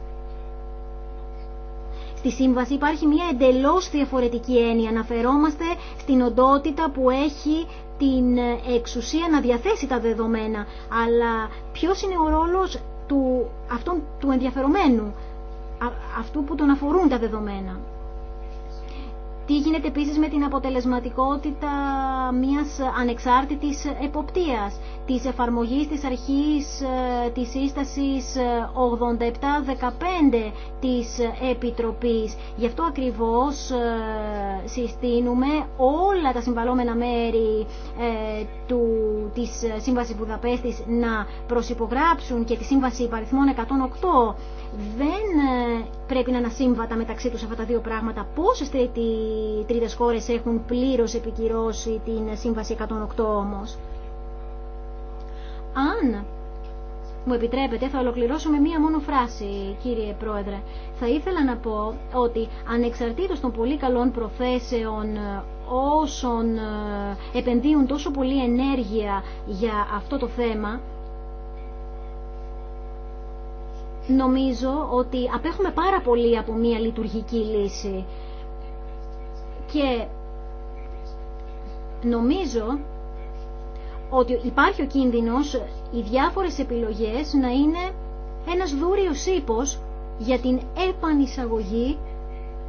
Στη σύμβαση υπάρχει μια εντελώς διαφορετική έννοια. Αναφερόμαστε στην οντότητα που έχει την εξουσία να διαθέσει τα δεδομένα. Αλλά ποιος είναι ο ρόλος του, αυτόν του ενδιαφερομένου αυτού που τον αφορούν τα δεδομένα. Τι γίνεται επίσης με την αποτελεσματικότητα μιας ανεξάρτητης εποπτείας, της εφαρμογής της αρχής ε, της σύστασης 87-15 ε, της Επιτροπής. Γι' αυτό ακριβώς ε, συστήνουμε όλα τα συμβαλόμενα μέρη του, της Σύμβασης Βουδαπέστης να προσυπογράψουν και τη Σύμβαση Υπαριθμών 108. Δεν πρέπει να είναι σύμβατα μεταξύ τους αυτά τα δύο πράγματα. Πόσες τρίτες χώρες έχουν πλήρως επικυρώσει την Σύμβαση 108 όμως. Αν μου επιτρέπετε, θα ολοκληρώσω με μία μόνο φράση, κύριε Πρόεδρε. Θα ήθελα να πω ότι ανεξαρτήτως των πολύ καλών προθέσεων όσων ε, επενδύουν τόσο πολύ ενέργεια για αυτό το θέμα, νομίζω ότι απέχουμε πάρα πολύ από μια λειτουργική λύση και νομίζω ότι υπάρχει ο κίνδυνος οι διάφορες επιλογές να είναι ένας δούριος ύπος για την επανεισαγωγή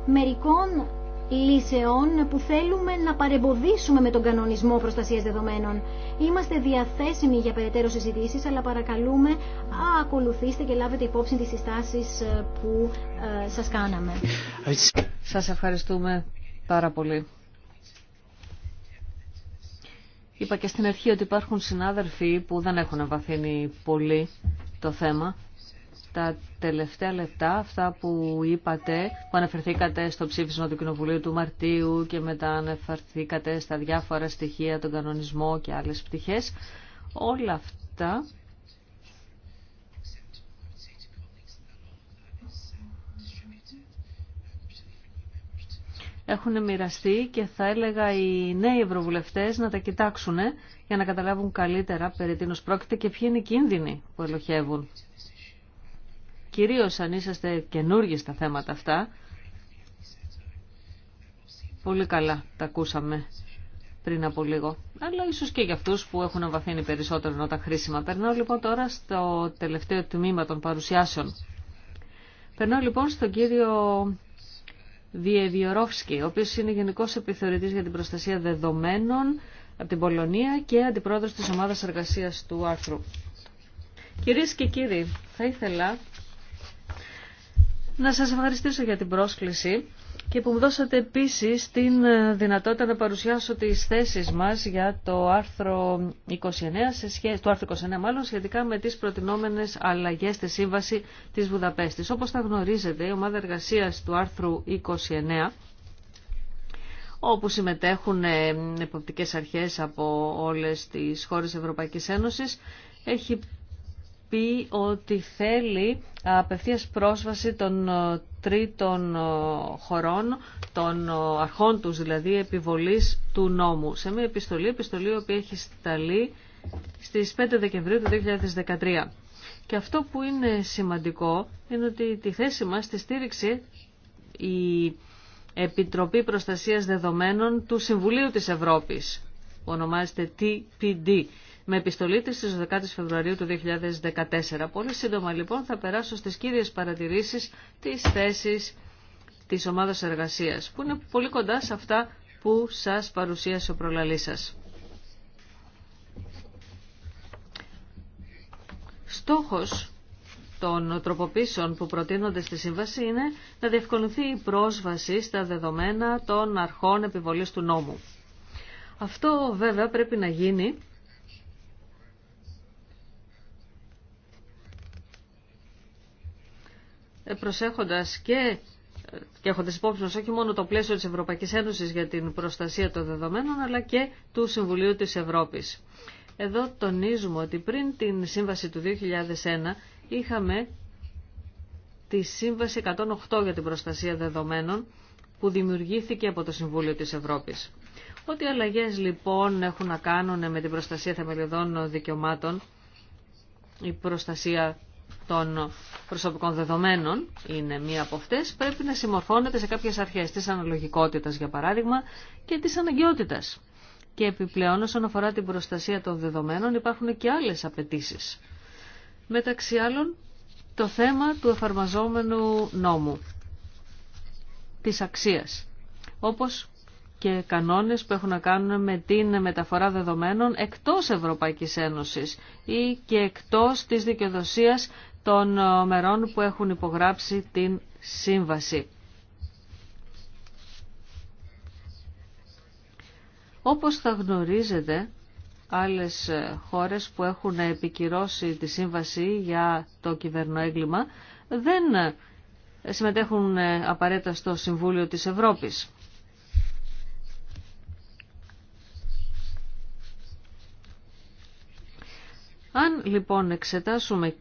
μερικών λύσεων που θέλουμε να παρεμποδίσουμε με τον κανονισμό προστασία δεδομένων. Είμαστε διαθέσιμοι για περαιτέρω συζητήσει, αλλά παρακαλούμε ακολουθήστε και λάβετε υπόψη τις συστάσει ε, που ε, σας κάναμε. Σα ευχαριστούμε πάρα πολύ. Είπα και στην αρχή ότι υπάρχουν συνάδελφοι που δεν έχουν βαθύνει πολύ το θέμα τα τελευταία λεπτά, αυτά που είπατε, που αναφερθήκατε στο ψήφισμα του Κοινοβουλίου του Μαρτίου και μετά αναφερθήκατε στα διάφορα στοιχεία, τον κανονισμό και άλλες πτυχές, όλα αυτά έχουν μοιραστεί και θα έλεγα οι νέοι ευρωβουλευτές να τα κοιτάξουν για να καταλάβουν καλύτερα περί τίνος πρόκειται και ποιοι είναι οι κίνδυνοι που ελοχεύουν κυρίως αν είσαστε καινούργοι στα θέματα αυτά. Πολύ καλά τα ακούσαμε πριν από λίγο. Αλλά ίσως και για αυτούς που έχουν βαθύνει περισσότερο ενώ τα χρήσιμα. Περνώ λοιπόν τώρα στο τελευταίο τμήμα των παρουσιάσεων. Περνώ λοιπόν στον κύριο Διεδιορόφσκι, ο οποίος είναι Γενικός Επιθεωρητής για την Προστασία Δεδομένων από την Πολωνία και Αντιπρόεδρος της Ομάδας Εργασίας του Άρθρου. Κυρίες και κύριοι, θα ήθελα να σας ευχαριστήσω για την πρόσκληση και που μου δώσατε επίσης την ε, δυνατότητα να παρουσιάσω τις θέσεις μας για το άρθρο 29, σε σχέση, το άρθρο 29 μάλλον, σχετικά με τις προτινόμενες αλλαγές στη σύμβαση της Βουδαπέστης. Όπως τα γνωρίζετε, η ομάδα εργασίας του άρθρου 29 όπου συμμετέχουν ε, εποπτικές αρχές από όλες τις χώρες Ευρωπαϊκής Ένωσης, έχει πει ότι θέλει απευθείας πρόσβαση των ε, τρίτων ε, χωρών, των ε, αρχών τους δηλαδή επιβολής του νόμου. Σε μια επιστολή, επιστολή η οποία έχει σταλεί στις 5 Δεκεμβρίου του 2013. Και αυτό που είναι σημαντικό είναι ότι τη θέση μας τη στήριξη η Επιτροπή Προστασίας Δεδομένων του Συμβουλίου της Ευρώπης, που ονομάζεται TPD με επιστολή της στις 12 Φεβρουαρίου του 2014. Πολύ σύντομα λοιπόν θα περάσω στις κύριες παρατηρήσεις της θέσης της ομάδας εργασίας, που είναι πολύ κοντά σε αυτά που σας παρουσίασε ο προλαλής σας. Στόχος των τροποποίησεων που προτείνονται στη Σύμβαση είναι να διευκολυνθεί η πρόσβαση στα δεδομένα των αρχών επιβολής του νόμου. Αυτό βέβαια πρέπει να γίνει προσέχοντας και και έχοντα υπόψη μας όχι μόνο το πλαίσιο της Ευρωπαϊκής Ένωσης για την προστασία των δεδομένων, αλλά και του Συμβουλίου της Ευρώπης. Εδώ τονίζουμε ότι πριν την σύμβαση του 2001 είχαμε τη σύμβαση 108 για την προστασία δεδομένων που δημιουργήθηκε από το Συμβούλιο της Ευρώπης. Ό,τι αλλαγές λοιπόν έχουν να κάνουν με την προστασία θεμελιωδών δικαιωμάτων, η προστασία των προσωπικών δεδομένων είναι μία από αυτές, πρέπει να συμμορφώνεται σε κάποιες αρχές της αναλογικότητας για παράδειγμα και της αναγκαιότητας. Και επιπλέον όσον αφορά την προστασία των δεδομένων υπάρχουν και άλλες απαιτήσει. Μεταξύ άλλων το θέμα του εφαρμαζόμενου νόμου, της αξίας, όπως και κανόνες που έχουν να κάνουν με την μεταφορά δεδομένων εκτός Ευρωπαϊκής Ένωσης ή και εκτός της δικαιοδοσίας των μερών που έχουν υπογράψει την σύμβαση. Όπως θα γνωρίζετε, άλλες χώρες που έχουν επικυρώσει τη σύμβαση για το κυβερνοέγκλημα δεν συμμετέχουν απαραίτητα στο Συμβούλιο της Ευρώπης. Αν λοιπόν εξετάσουμε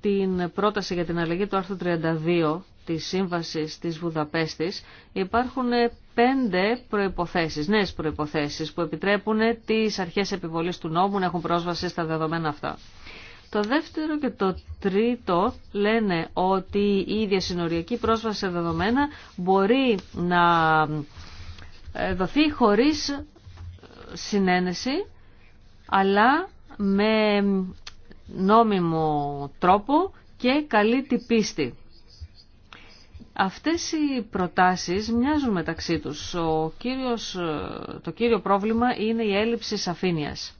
την πρόταση για την αλλαγή του άρθρου 32 της Σύμβασης της Βουδαπέστης υπάρχουν πέντε προϋποθέσεις, νέες προϋποθέσεις που επιτρέπουν τις αρχές επιβολής του νόμου να έχουν πρόσβαση στα δεδομένα αυτά. Το δεύτερο και το τρίτο λένε ότι η διασυνοριακή πρόσβαση σε δεδομένα μπορεί να ε, δοθεί χωρίς συνένεση αλλά με νόμιμο τρόπο και καλή την πίστη. Αυτές οι προτάσεις μοιάζουν μεταξύ τους. Ο κύριος, το κύριο πρόβλημα είναι η έλλειψη σαφήνειας.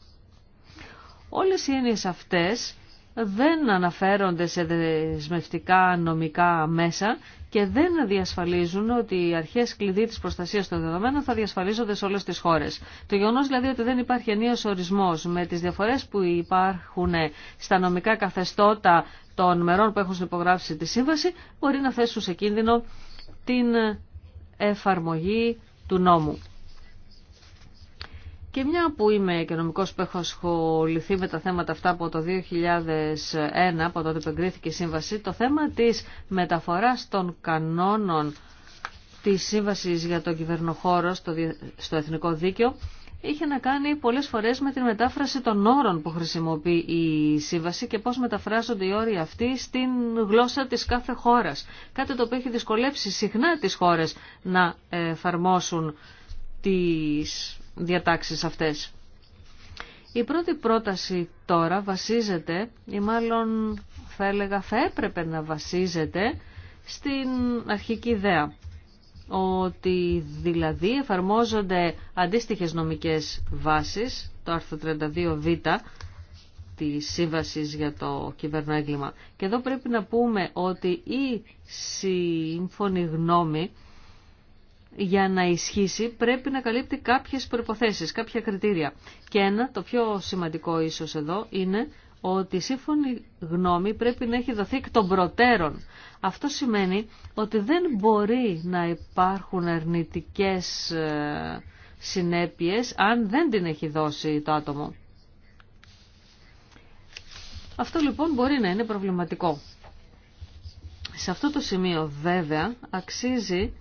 Όλες οι έννοιες αυτές δεν αναφέρονται σε δεσμευτικά νομικά μέσα και δεν διασφαλίζουν ότι οι αρχές κλειδί της προστασίας των δεδομένων θα διασφαλίζονται σε όλες τις χώρες. Το γεγονό δηλαδή ότι δεν υπάρχει ενίος ορισμός με τις διαφορές που υπάρχουν στα νομικά καθεστώτα των μερών που έχουν υπογράψει τη σύμβαση μπορεί να θέσουν σε κίνδυνο την εφαρμογή του νόμου. Και μια που είμαι και νομικός που έχω ασχοληθεί με τα θέματα αυτά από το 2001, από τότε που εγκρίθηκε η σύμβαση, το θέμα της μεταφοράς των κανόνων της σύμβασης για τον κυβερνοχώρο στο εθνικό δίκαιο, είχε να κάνει πολλές φορές με τη μετάφραση των όρων που χρησιμοποιεί η σύμβαση και πώς μεταφράζονται οι όροι αυτοί στην γλώσσα της κάθε χώρας. Κάτι το οποίο έχει δυσκολεύσει συχνά τις χώρες να εφαρμόσουν τις διατάξεις αυτές. Η πρώτη πρόταση τώρα βασίζεται, ή μάλλον θα έλεγα θα έπρεπε να βασίζεται, στην αρχική ιδέα. Ότι δηλαδή εφαρμόζονται αντίστοιχες νομικές βάσεις, το άρθρο 32β, τη σύμβαση για το κυβερνοέγκλημα. Και εδώ πρέπει να πούμε ότι η σύμφωνη γνώμη για να ισχύσει πρέπει να καλύπτει κάποιες προϋποθέσεις, κάποια κριτήρια. Και ένα, το πιο σημαντικό ίσως εδώ, είναι ότι η σύμφωνη γνώμη πρέπει να έχει δοθεί εκ των προτέρων. Αυτό σημαίνει ότι δεν μπορεί να υπάρχουν αρνητικές ε, συνέπειες αν δεν την έχει δώσει το άτομο. Αυτό λοιπόν μπορεί να είναι προβληματικό. Σε αυτό το σημείο βέβαια αξίζει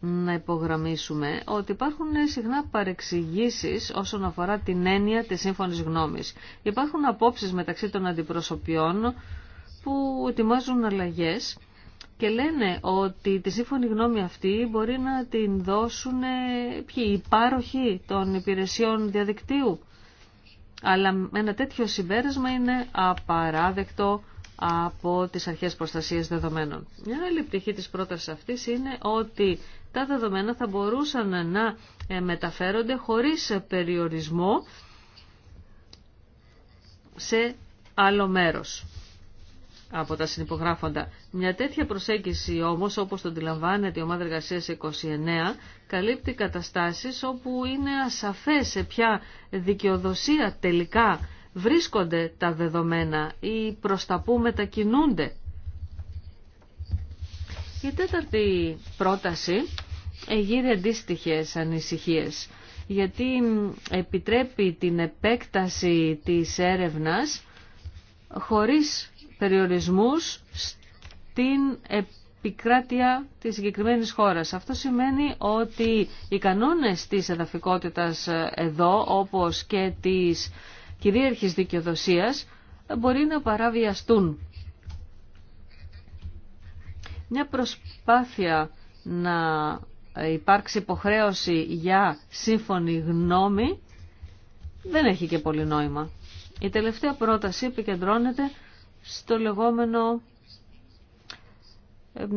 να υπογραμμίσουμε ότι υπάρχουν συχνά παρεξηγήσεις όσον αφορά την έννοια της σύμφωνης γνώμης. Υπάρχουν απόψεις μεταξύ των αντιπροσωπιών που ετοιμάζουν αλλαγές και λένε ότι τη σύμφωνη γνώμη αυτή μπορεί να την δώσουν ποιοι, οι πάροχοι των υπηρεσιών διαδικτύου. Αλλά ένα τέτοιο συμπέρασμα είναι απαράδεκτο από τις αρχές προστασίας δεδομένων. Μια άλλη πτυχή της πρότασης αυτής είναι ότι τα δεδομένα θα μπορούσαν να ε, μεταφέρονται χωρίς περιορισμό σε άλλο μέρος από τα συνυπογράφοντα. Μια τέτοια προσέγγιση όμως, όπως το αντιλαμβάνεται η ομάδα εργασία 29, καλύπτει καταστάσεις όπου είναι ασαφές σε ποια δικαιοδοσία τελικά βρίσκονται τα δεδομένα ή προς τα που μετακινούνται. Η τέταρτη πρόταση εγείρει αντίστοιχε ανησυχίες γιατί επιτρέπει την επέκταση της έρευνας χωρίς περιορισμούς στην επικράτεια της συγκεκριμένης χώρας. Αυτό σημαίνει ότι οι κανόνες της εδαφικότητας εδώ, όπως και της κυρίαρχης δικαιοδοσίας μπορεί να παραβιαστούν. Μια προσπάθεια να υπάρξει υποχρέωση για σύμφωνη γνώμη δεν έχει και πολύ νόημα. Η τελευταία πρόταση επικεντρώνεται στο λεγόμενο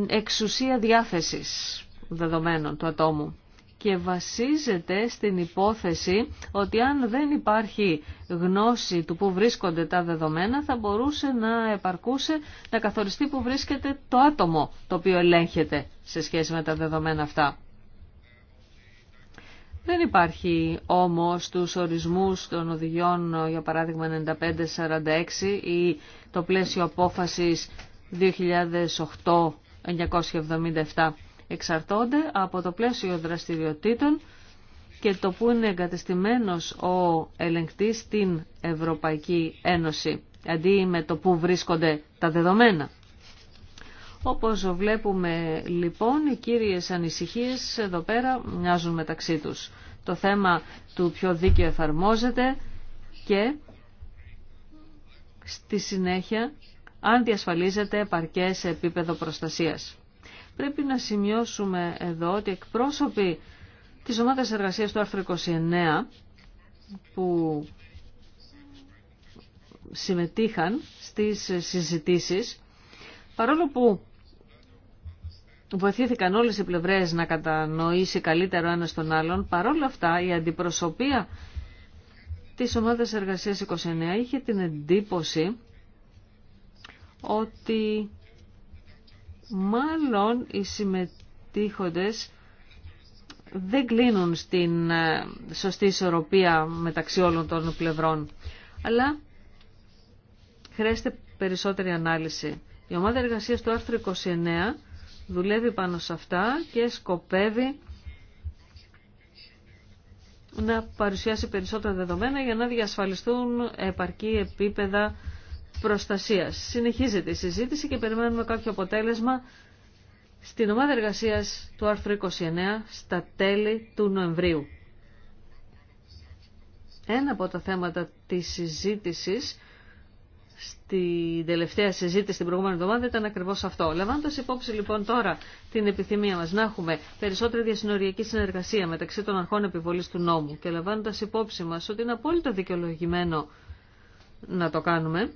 εξουσία διάθεσης δεδομένων του ατόμου και βασίζεται στην υπόθεση ότι αν δεν υπάρχει γνώση του που βρίσκονται τα δεδομένα θα μπορούσε να επαρκούσε να καθοριστεί που βρίσκεται το άτομο το οποίο ελέγχεται σε σχέση με τα δεδομένα αυτά. Δεν υπάρχει όμως τους ορισμούς των οδηγιών, για παράδειγμα 95-46 ή το πλαίσιο απόφασης 2008-977 εξαρτώνται από το πλαίσιο δραστηριοτήτων και το που είναι εγκατεστημένος ο ελεγκτής στην Ευρωπαϊκή Ένωση, αντί με το που βρίσκονται τα δεδομένα. Όπως βλέπουμε λοιπόν, οι κύριες ανησυχίες εδώ πέρα μοιάζουν μεταξύ τους. Το θέμα του πιο δίκαιο εφαρμόζεται και στη συνέχεια αν διασφαλίζεται επαρκές επίπεδο προστασίας. Πρέπει να σημειώσουμε εδώ ότι εκπρόσωποι της ομάδας εργασίας του άρθρου 29 που συμμετείχαν στις συζητήσεις παρόλο που βοηθήθηκαν όλες οι πλευρές να κατανοήσει καλύτερο ένα τον άλλον παρόλα αυτά η αντιπροσωπεία της ομάδας εργασίας 29 είχε την εντύπωση ότι μάλλον οι συμμετείχοντες δεν κλείνουν στην ε, σωστή ισορροπία μεταξύ όλων των πλευρών. Αλλά χρειάζεται περισσότερη ανάλυση. Η ομάδα εργασίας του άρθρου 29 δουλεύει πάνω σε αυτά και σκοπεύει να παρουσιάσει περισσότερα δεδομένα για να διασφαλιστούν επαρκή επίπεδα προστασίας. Συνεχίζεται η συζήτηση και περιμένουμε κάποιο αποτέλεσμα στην ομάδα εργασίας του άρθρου 29 στα τέλη του Νοεμβρίου. Ένα από τα θέματα της συζήτησης στην τελευταία συζήτηση την προηγούμενη εβδομάδα ήταν ακριβώ αυτό. Λαμβάνοντα υπόψη λοιπόν τώρα την επιθυμία μα να έχουμε περισσότερη διασυνοριακή συνεργασία μεταξύ των αρχών επιβολή του νόμου και λαμβάνοντα υπόψη μα ότι είναι απόλυτα δικαιολογημένο να το κάνουμε,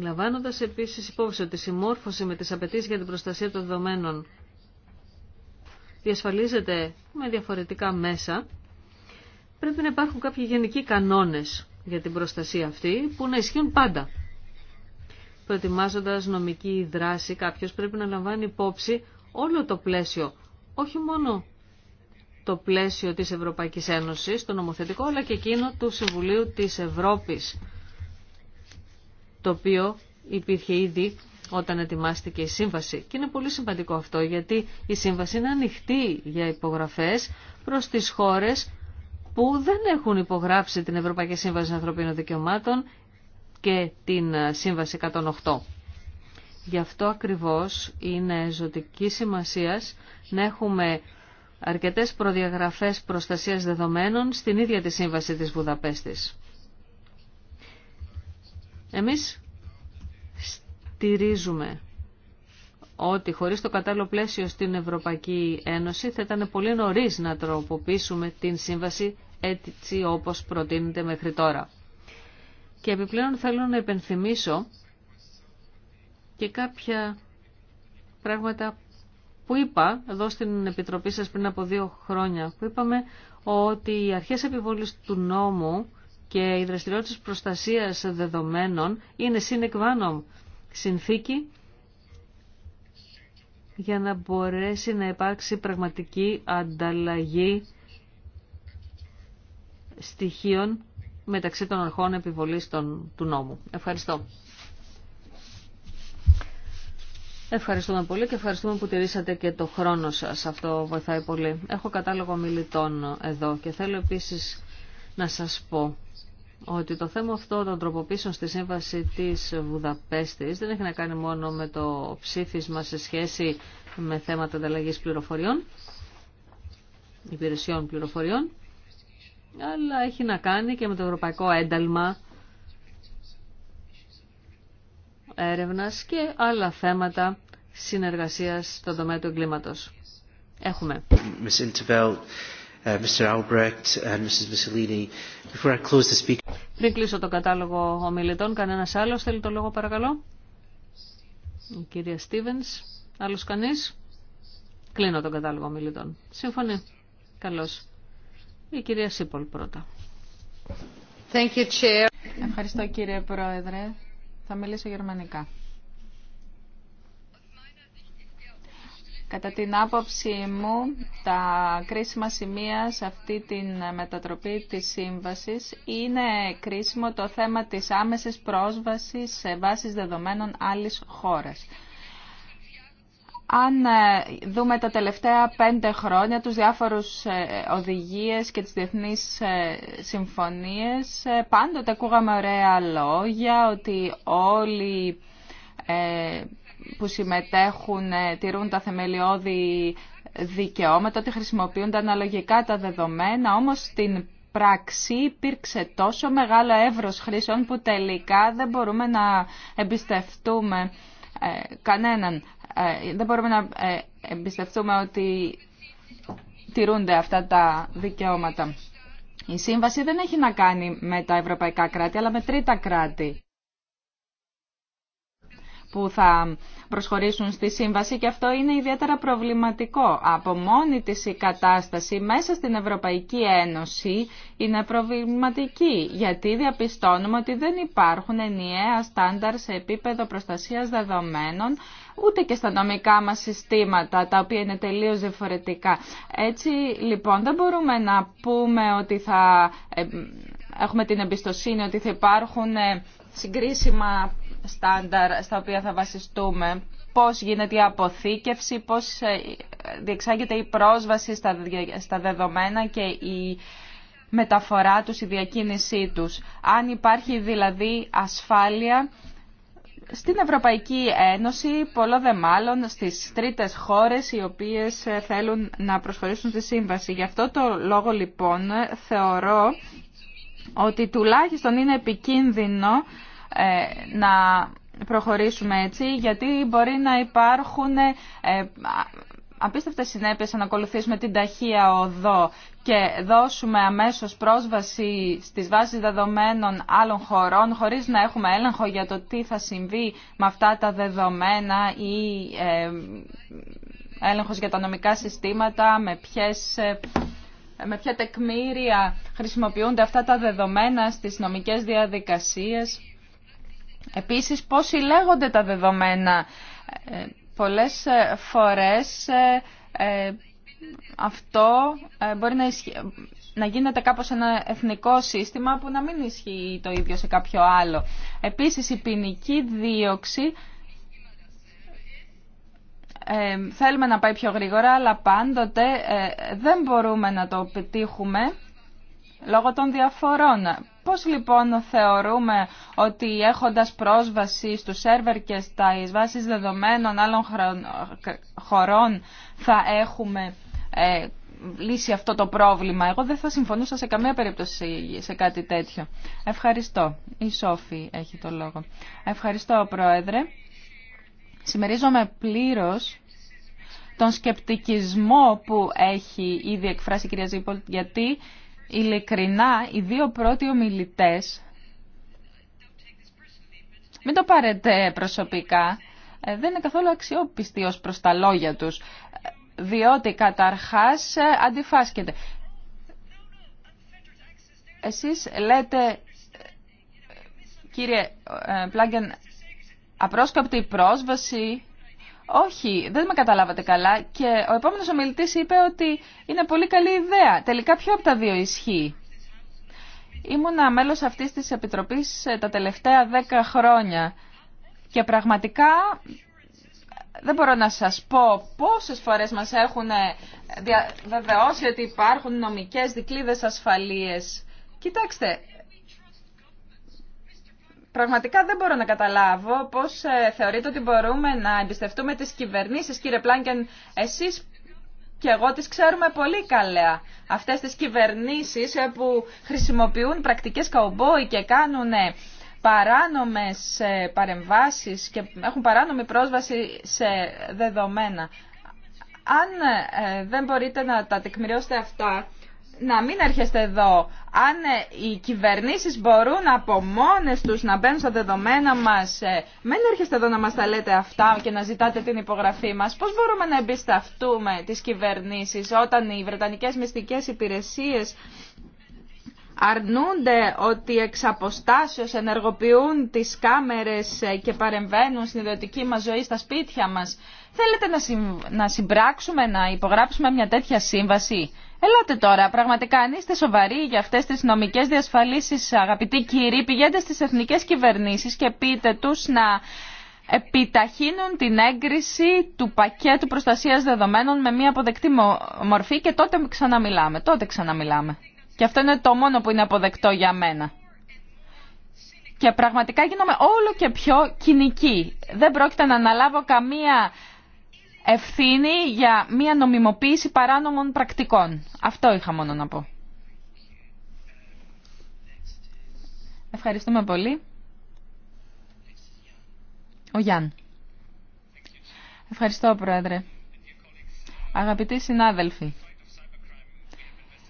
Λαμβάνοντα επίση υπόψη ότι η συμμόρφωση με τι απαιτήσει για την προστασία των δεδομένων διασφαλίζεται με διαφορετικά μέσα, πρέπει να υπάρχουν κάποιοι γενικοί κανόνε για την προστασία αυτή που να ισχύουν πάντα. Προετοιμάζοντα νομική δράση, κάποιο πρέπει να λαμβάνει υπόψη όλο το πλαίσιο, όχι μόνο το πλαίσιο της Ευρωπαϊκής Ένωσης, το νομοθετικό, αλλά και εκείνο του Συμβουλίου της Ευρώπης το οποίο υπήρχε ήδη όταν ετοιμάστηκε η σύμβαση. Και είναι πολύ σημαντικό αυτό γιατί η σύμβαση είναι ανοιχτή για υπογραφές προς τις χώρες που δεν έχουν υπογράψει την Ευρωπαϊκή Σύμβαση Ανθρωπίνων Δικαιωμάτων και την ε, Σύμβαση 108. Γι' αυτό ακριβώς είναι ζωτική σημασίας να έχουμε αρκετές προδιαγραφές προστασίας δεδομένων στην ίδια τη Σύμβαση της Βουδαπέστης. Εμείς στηρίζουμε ότι χωρίς το κατάλληλο πλαίσιο στην Ευρωπαϊκή Ένωση θα ήταν πολύ νωρίς να τροποποιήσουμε την σύμβαση έτσι όπως προτείνεται μέχρι τώρα. Και επιπλέον θέλω να υπενθυμίσω και κάποια πράγματα που είπα εδώ στην Επιτροπή σας πριν από δύο χρόνια, που είπαμε ότι οι αρχές επιβολής του νόμου και οι δραστηριότητες προστασίας δεδομένων είναι σύνεκβανομ συνθήκη για να μπορέσει να υπάρξει πραγματική ανταλλαγή στοιχείων μεταξύ των αρχών επιβολής των, του νόμου. Ευχαριστώ. Ευχαριστούμε πολύ και ευχαριστούμε που τηρήσατε και το χρόνο σας. Αυτό βοηθάει πολύ. Έχω κατάλογο μιλητών εδώ και θέλω επίσης να σας πω ότι το θέμα αυτό των τροποποίησεων στη σύμβαση της Βουδαπέστης δεν έχει να κάνει μόνο με το ψήφισμα σε σχέση με θέματα ανταλλαγή πληροφοριών, υπηρεσιών πληροφοριών, αλλά έχει να κάνει και με το ευρωπαϊκό ένταλμα έρευνας και άλλα θέματα συνεργασίας στον τομέα του εγκλήματος. Έχουμε. Πριν κλείσω τον κατάλογο ομιλητών, κανένας άλλος θέλει το λόγο παρακαλώ. Η κυρία Στίβενς, άλλος κανείς. Κλείνω τον κατάλογο ομιλητών. Σύμφωνη. Καλώς. Η κυρία Σίπολ πρώτα. Ευχαριστώ κύριε Πρόεδρε. Θα μιλήσω γερμανικά. Κατά την άποψή μου, τα κρίσιμα σημεία σε αυτή τη μετατροπή της σύμβασης είναι κρίσιμο το θέμα της άμεσης πρόσβασης σε βάσεις δεδομένων άλλης χώρας. Αν ε, δούμε τα τελευταία πέντε χρόνια τους διάφορους ε, οδηγίες και τις διεθνείς ε, συμφωνίες, πάντοτε ακούγαμε ωραία λόγια ότι όλοι που συμμετέχουν ε, τηρούν τα θεμελιώδη δικαιώματα, ότι χρησιμοποιούν τα αναλογικά τα δεδομένα, όμως στην πράξη υπήρξε τόσο μεγάλο εύρος χρήσεων που τελικά δεν μπορούμε να εμπιστευτούμε ε, κανέναν. Ε, δεν μπορούμε να εμπιστευτούμε ότι τηρούνται αυτά τα δικαιώματα. Η σύμβαση δεν έχει να κάνει με τα ευρωπαϊκά κράτη, αλλά με τρίτα κράτη που θα προσχωρήσουν στη σύμβαση και αυτό είναι ιδιαίτερα προβληματικό. Από μόνη της η κατάσταση μέσα στην Ευρωπαϊκή Ένωση είναι προβληματική γιατί διαπιστώνουμε ότι δεν υπάρχουν ενιαία στάνταρ σε επίπεδο προστασίας δεδομένων ούτε και στα νομικά μας συστήματα, τα οποία είναι τελείως διαφορετικά. Έτσι, λοιπόν, δεν μπορούμε να πούμε ότι θα ε, έχουμε την εμπιστοσύνη ότι θα υπάρχουν ε, συγκρίσιμα στάνταρ στα οποία θα βασιστούμε, πώς γίνεται η αποθήκευση, πώς ε, διεξάγεται η πρόσβαση στα δεδομένα και η μεταφορά τους, η διακίνησή τους. Αν υπάρχει δηλαδή ασφάλεια στην Ευρωπαϊκή Ένωση, πολλό δε μάλλον στις τρίτες χώρες οι οποίες ε, θέλουν να προσχωρήσουν στη σύμβαση. Γι' αυτό το λόγο λοιπόν θεωρώ ότι τουλάχιστον είναι επικίνδυνο ε, να προχωρήσουμε έτσι, γιατί μπορεί να υπάρχουν ε, απίστευτες συνέπειες αν ακολουθήσουμε την ταχεία οδό και δώσουμε αμέσως πρόσβαση στις βάσεις δεδομένων άλλων χωρών χωρίς να έχουμε έλεγχο για το τι θα συμβεί με αυτά τα δεδομένα ή ε, έλεγχος για τα νομικά συστήματα, με, ποιες, ε, με ποια τεκμήρια χρησιμοποιούνται αυτά τα δεδομένα στις νομικές διαδικασίες. Επίσης, πώς συλλέγονται τα δεδομένα. Ε, πολλές ε, φορές ε, αυτό μπορεί να, ισχυ... να γίνεται κάπως ένα εθνικό σύστημα που να μην ισχύει το ίδιο σε κάποιο άλλο. Επίσης, η ποινική δίωξη θέλουμε να πάει πιο γρήγορα, αλλά πάντοτε δεν μπορούμε να το πετύχουμε λόγω των διαφορών. Πώς λοιπόν θεωρούμε ότι έχοντας πρόσβαση στους σερβερ και στα εις δεδομένων άλλων χωρών θα έχουμε ε, λύσει αυτό το πρόβλημα. Εγώ δεν θα συμφωνούσα σε καμία περίπτωση σε κάτι τέτοιο. Ευχαριστώ. Η Σόφη έχει το λόγο. Ευχαριστώ, Πρόεδρε. Συμμερίζομαι πλήρως τον σκεπτικισμό που έχει ήδη εκφράσει η κυρία Ζήπολ, γιατί ειλικρινά οι δύο πρώτοι ομιλητές, μην το πάρετε προσωπικά, ε, δεν είναι καθόλου αξιόπιστοι ως προς τα λόγια τους, διότι καταρχάς ε, αντιφάσκεται. Εσείς λέτε, κύριε ε, Πλάγκεν, απρόσκαπτη πρόσβαση όχι, δεν με καταλάβατε καλά και ο επόμενος ομιλητής είπε ότι είναι πολύ καλή ιδέα. Τελικά ποιο από τα δύο ισχύει. Ήμουνα μέλος αυτή της Επιτροπής ε, τα τελευταία δέκα χρόνια και πραγματικά δεν μπορώ να σας πω πόσες φορές μας έχουν ε, βεβαιώσει ότι υπάρχουν νομικές δικλείδες ασφαλείες. Κοιτάξτε, Πραγματικά δεν μπορώ να καταλάβω πώς ε, θεωρείτε ότι μπορούμε να εμπιστευτούμε τις κυβερνήσεις. Κύριε Πλάνκεν, εσείς και εγώ τις ξέρουμε πολύ καλά. Αυτές τις κυβερνήσεις ε, που χρησιμοποιούν πρακτικές καουμπόι και κάνουν ε, παράνομες παρεμβάσεις και έχουν παράνομη πρόσβαση σε δεδομένα. Αν δεν μπορείτε να τα τεκμηριώσετε αυτά, να μην έρχεστε εδώ. Αν ε, οι κυβερνήσει μπορούν από μόνε τους να μπαίνουν στα δεδομένα μας, ε, μην έρχεστε εδώ να μας τα λέτε αυτά και να ζητάτε την υπογραφή μας. Πώς μπορούμε να εμπιστευτούμε τις κυβερνήσεις όταν οι Βρετανικές μυστικέ Υπηρεσίες αρνούνται ότι εξ αποστάσεως ενεργοποιούν τις κάμερες ε, και παρεμβαίνουν στην ιδιωτική μας ζωή στα σπίτια μας. Θέλετε να συμπράξουμε, να υπογράψουμε μια τέτοια σύμβαση. Ελάτε τώρα, πραγματικά αν είστε σοβαροί για αυτές τις νομικές διασφαλίσεις, αγαπητοί κύριοι, πηγαίνετε στις εθνικές κυβερνήσεις και πείτε τους να επιταχύνουν την έγκριση του πακέτου προστασίας δεδομένων με μια αποδεκτή μορφή και τότε ξαναμιλάμε, τότε ξαναμιλάμε. Και αυτό είναι το μόνο που είναι αποδεκτό για μένα. Και πραγματικά γίνομαι όλο και πιο κοινική. Δεν πρόκειται να αναλάβω καμία ευθύνη για μία νομιμοποίηση παράνομων πρακτικών. Αυτό είχα μόνο να πω. Ευχαριστούμε πολύ. Ο Γιάν. Ευχαριστώ, Πρόεδρε. Αγαπητοί συνάδελφοι,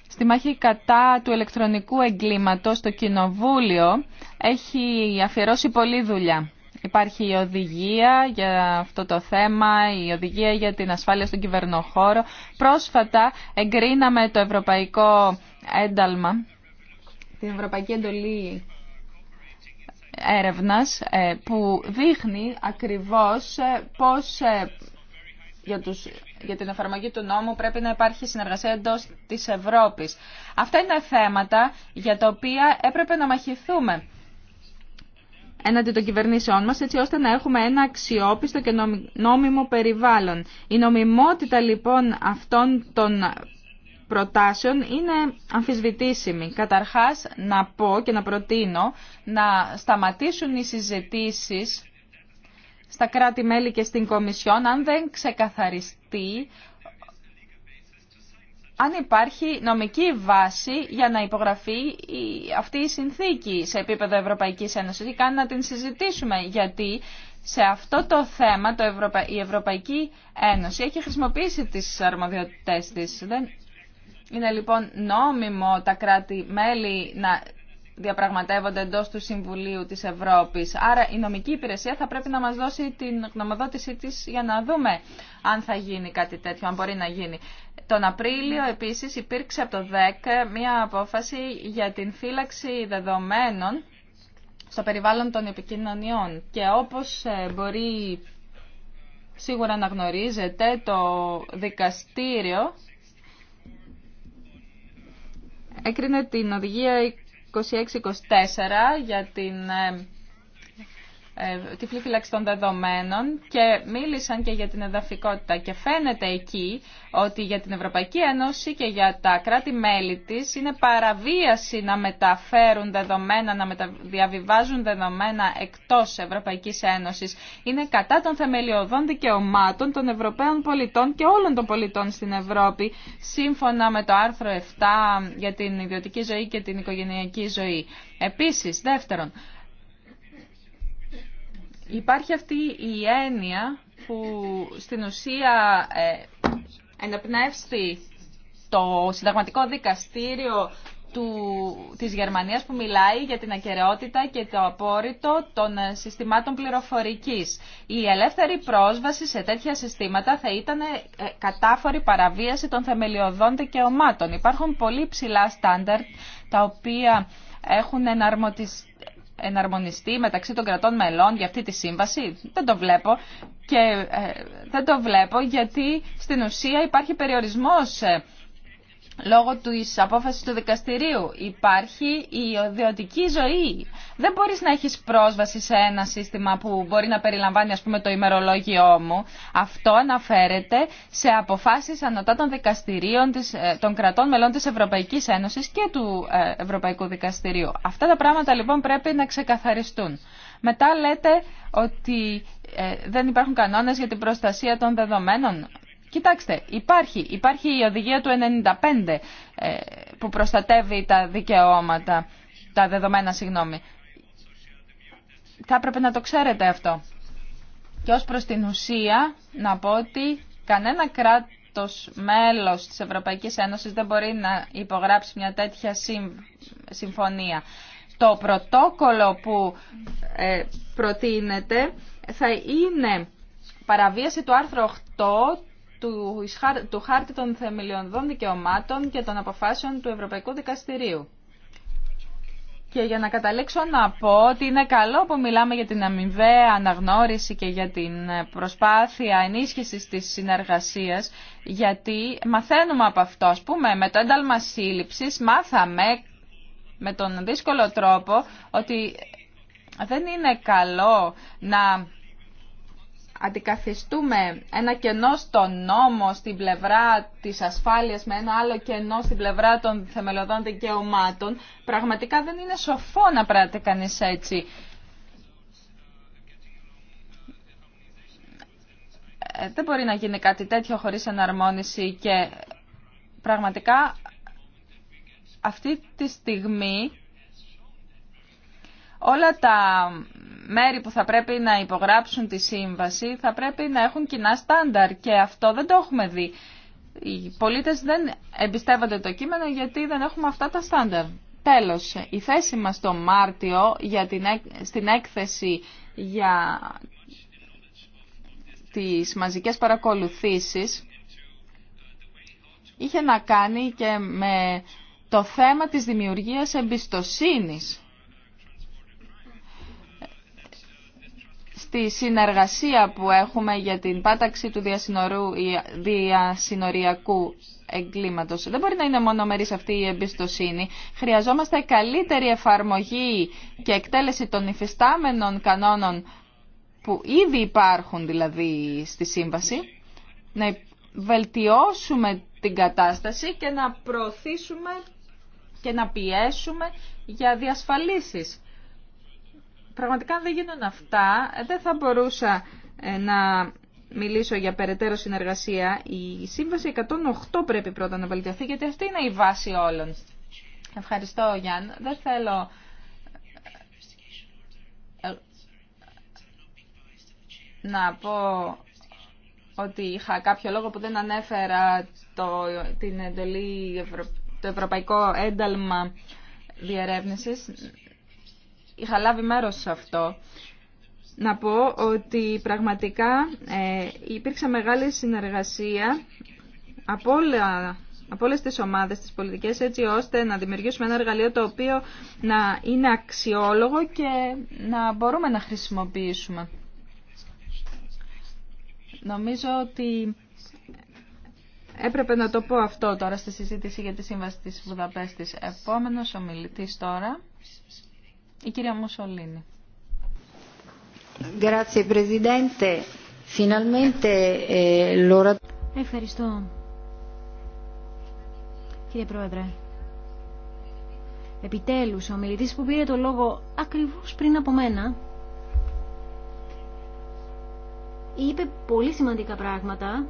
στη μάχη κατά του ηλεκτρονικού εγκλήματος το Κοινοβούλιο έχει αφιερώσει πολλή δουλειά. Υπάρχει η οδηγία για αυτό το θέμα, η οδηγία για την ασφάλεια στον κυβερνοχώρο. Πρόσφατα εγκρίναμε το ευρωπαϊκό ένταλμα, την ευρωπαϊκή εντολή έρευνας ε, που δείχνει ακριβώς ε, πώς ε, για, την εφαρμογή του νόμου πρέπει να υπάρχει συνεργασία εντός της Ευρώπης. Αυτά είναι θέματα για τα οποία έπρεπε να μαχηθούμε έναντι των κυβερνήσεών μας, έτσι ώστε να έχουμε ένα αξιόπιστο και νόμιμο περιβάλλον. Η νομιμότητα λοιπόν αυτών των προτάσεων είναι αμφισβητήσιμη. Καταρχάς να πω και να προτείνω να σταματήσουν οι συζητήσεις στα κράτη-μέλη και στην Κομισιόν αν δεν ξεκαθαριστεί αν υπάρχει νομική βάση για να υπογραφεί αυτή η συνθήκη σε επίπεδο Ευρωπαϊκής Ένωσης ή δηλαδή, καν να την συζητήσουμε γιατί σε αυτό το θέμα το η Ευρωπαϊκή Ένωση έχει χρησιμοποιήσει τις αρμοδιότητές της. Δεν... Είναι λοιπόν νόμιμο τα κράτη-μέλη να διαπραγματεύονται εντό του Συμβουλίου τη Ευρώπη. Άρα η νομική υπηρεσία θα πρέπει να μας δώσει την γνωμοδότησή της για να δούμε αν θα γίνει κάτι τέτοιο, αν μπορεί να γίνει. Τον Απρίλιο επίση υπήρξε από το ΔΕΚ μια απόφαση για την φύλαξη δεδομένων στο περιβάλλον των επικοινωνιών. Και όπως ε, μπορεί σίγουρα να γνωρίζετε, το δικαστήριο έκρινε την οδηγία 26-24 για την ε, ε, τυφλή φύλαξη των δεδομένων και μίλησαν και για την εδαφικότητα και φαίνεται εκεί ότι για την Ευρωπαϊκή Ένωση και για τα κράτη-μέλη της είναι παραβίαση να μεταφέρουν δεδομένα, να διαβιβάζουν δεδομένα εκτός Ευρωπαϊκής Ένωσης. Είναι κατά των θεμελιωδών δικαιωμάτων των Ευρωπαίων πολιτών και όλων των πολιτών στην Ευρώπη σύμφωνα με το άρθρο 7 για την ιδιωτική ζωή και την οικογενειακή ζωή. Επίσης, δεύτερον, Υπάρχει αυτή η έννοια που στην ουσία ε, εναπνεύστη το συνταγματικό δικαστήριο του, της Γερμανίας που μιλάει για την ακεραιότητα και το απόρριτο των συστημάτων πληροφορικής. Η ελεύθερη πρόσβαση σε τέτοια συστήματα θα ήταν ε, κατάφορη παραβίαση των θεμελιωδών δικαιωμάτων. Υπάρχουν πολύ ψηλά στάνταρτ τα οποία έχουν εναρμοτιστεί εναρμονιστεί μεταξύ των κρατών μελών για αυτή τη σύμβαση. Δεν το βλέπω και ε, δεν το βλέπω γιατί στην ουσία υπάρχει περιορισμός ε, Λόγω της απόφασης του δικαστηρίου υπάρχει η ιδιωτική ζωή. Δεν μπορείς να έχεις πρόσβαση σε ένα σύστημα που μπορεί να περιλαμβάνει ας πούμε το ημερολόγιό μου. Αυτό αναφέρεται σε αποφάσεις των δικαστηρίων ε, των κρατών μελών της Ευρωπαϊκής Ένωσης και του ε, Ευρωπαϊκού Δικαστηρίου. Αυτά τα πράγματα λοιπόν πρέπει να ξεκαθαριστούν. Μετά λέτε ότι ε, δεν υπάρχουν κανόνες για την προστασία των δεδομένων. Κοιτάξτε, υπάρχει, υπάρχει η οδηγία του 95 ε, που προστατεύει τα δικαιώματα, τα δεδομένα, συγγνώμη. Θα έπρεπε να το ξέρετε αυτό. Και ως προς την ουσία να πω ότι κανένα κράτος μέλος της Ευρωπαϊκής Ένωσης δεν μπορεί να υπογράψει μια τέτοια συμφωνία. Το πρωτόκολλο που ε, προτείνεται θα είναι παραβίαση του άρθρου 8 του Χάρτη των Θεμελιωδών Δικαιωμάτων και των αποφάσεων του Ευρωπαϊκού Δικαστηρίου. Και για να καταλήξω να πω ότι είναι καλό που μιλάμε για την αμοιβαία αναγνώριση και για την προσπάθεια ενίσχυσης της συνεργασίας, γιατί μαθαίνουμε από αυτό, ας πούμε, με το ένταλμα σύλληψης μάθαμε με τον δύσκολο τρόπο ότι δεν είναι καλό να αντικαθιστούμε ένα κενό στον νόμο στην πλευρά της ασφάλειας με ένα άλλο κενό στην πλευρά των θεμελιωδών δικαιωμάτων, πραγματικά δεν είναι σοφό να πράττει κανείς έτσι. Ε, δεν μπορεί να γίνει κάτι τέτοιο χωρίς εναρμόνιση και πραγματικά αυτή τη στιγμή όλα τα μέρη που θα πρέπει να υπογράψουν τη σύμβαση θα πρέπει να έχουν κοινά στάνταρ και αυτό δεν το έχουμε δει. Οι πολίτες δεν εμπιστεύονται το κείμενο γιατί δεν έχουμε αυτά τα στάνταρ. Τέλος, η θέση μας το Μάρτιο για την, στην έκθεση για τις μαζικές παρακολουθήσεις είχε να κάνει και με το θέμα της δημιουργίας εμπιστοσύνης στη συνεργασία που έχουμε για την πάταξη του διασυνοριακού εγκλήματος. Δεν μπορεί να είναι μονομερής αυτή η εμπιστοσύνη. Χρειαζόμαστε καλύτερη εφαρμογή και εκτέλεση των υφιστάμενων κανόνων που ήδη υπάρχουν δηλαδή στη σύμβαση, να βελτιώσουμε την κατάσταση και να προωθήσουμε και να πιέσουμε για διασφαλίσεις πραγματικά δεν γίνουν αυτά, ε, δεν θα μπορούσα ε, να μιλήσω για περαιτέρω συνεργασία. Η Σύμβαση 108 πρέπει πρώτα να βελτιωθεί, γιατί αυτή είναι η βάση όλων. Ευχαριστώ, Γιάν. Δεν θέλω... Ε, να πω ότι είχα κάποιο λόγο που δεν ανέφερα το, την εντολή, το ευρωπαϊκό ένταλμα διερεύνησης είχα λάβει μέρος σε αυτό. Να πω ότι πραγματικά ε, υπήρξε μεγάλη συνεργασία από όλα από όλες τις ομάδες, τις πολιτικές, έτσι ώστε να δημιουργήσουμε ένα εργαλείο το οποίο να είναι αξιόλογο και να μπορούμε να χρησιμοποιήσουμε. Νομίζω ότι έπρεπε να το πω αυτό τώρα στη συζήτηση για τη Σύμβαση της Βουδαπέστης. Επόμενος ομιλητής τώρα η κυρία Μουσολίνη. Ε, Ευχαριστώ. Κύριε Πρόεδρε, επιτέλους ο μιλητής που πήρε το λόγο ακριβώς πριν από μένα είπε πολύ σημαντικά πράγματα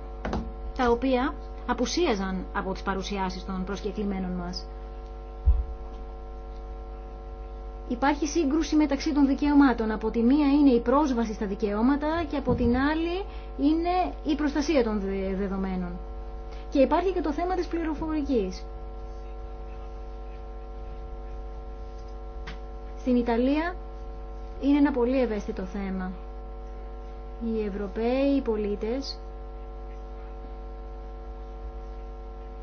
τα οποία απουσίαζαν από τις παρουσιάσεις των προσκεκλημένων μας. υπάρχει σύγκρουση μεταξύ των δικαιωμάτων. Από τη μία είναι η πρόσβαση στα δικαιώματα και από την άλλη είναι η προστασία των δεδομένων. Και υπάρχει και το θέμα της πληροφορικής. Στην Ιταλία είναι ένα πολύ ευαίσθητο θέμα. Οι Ευρωπαίοι πολίτες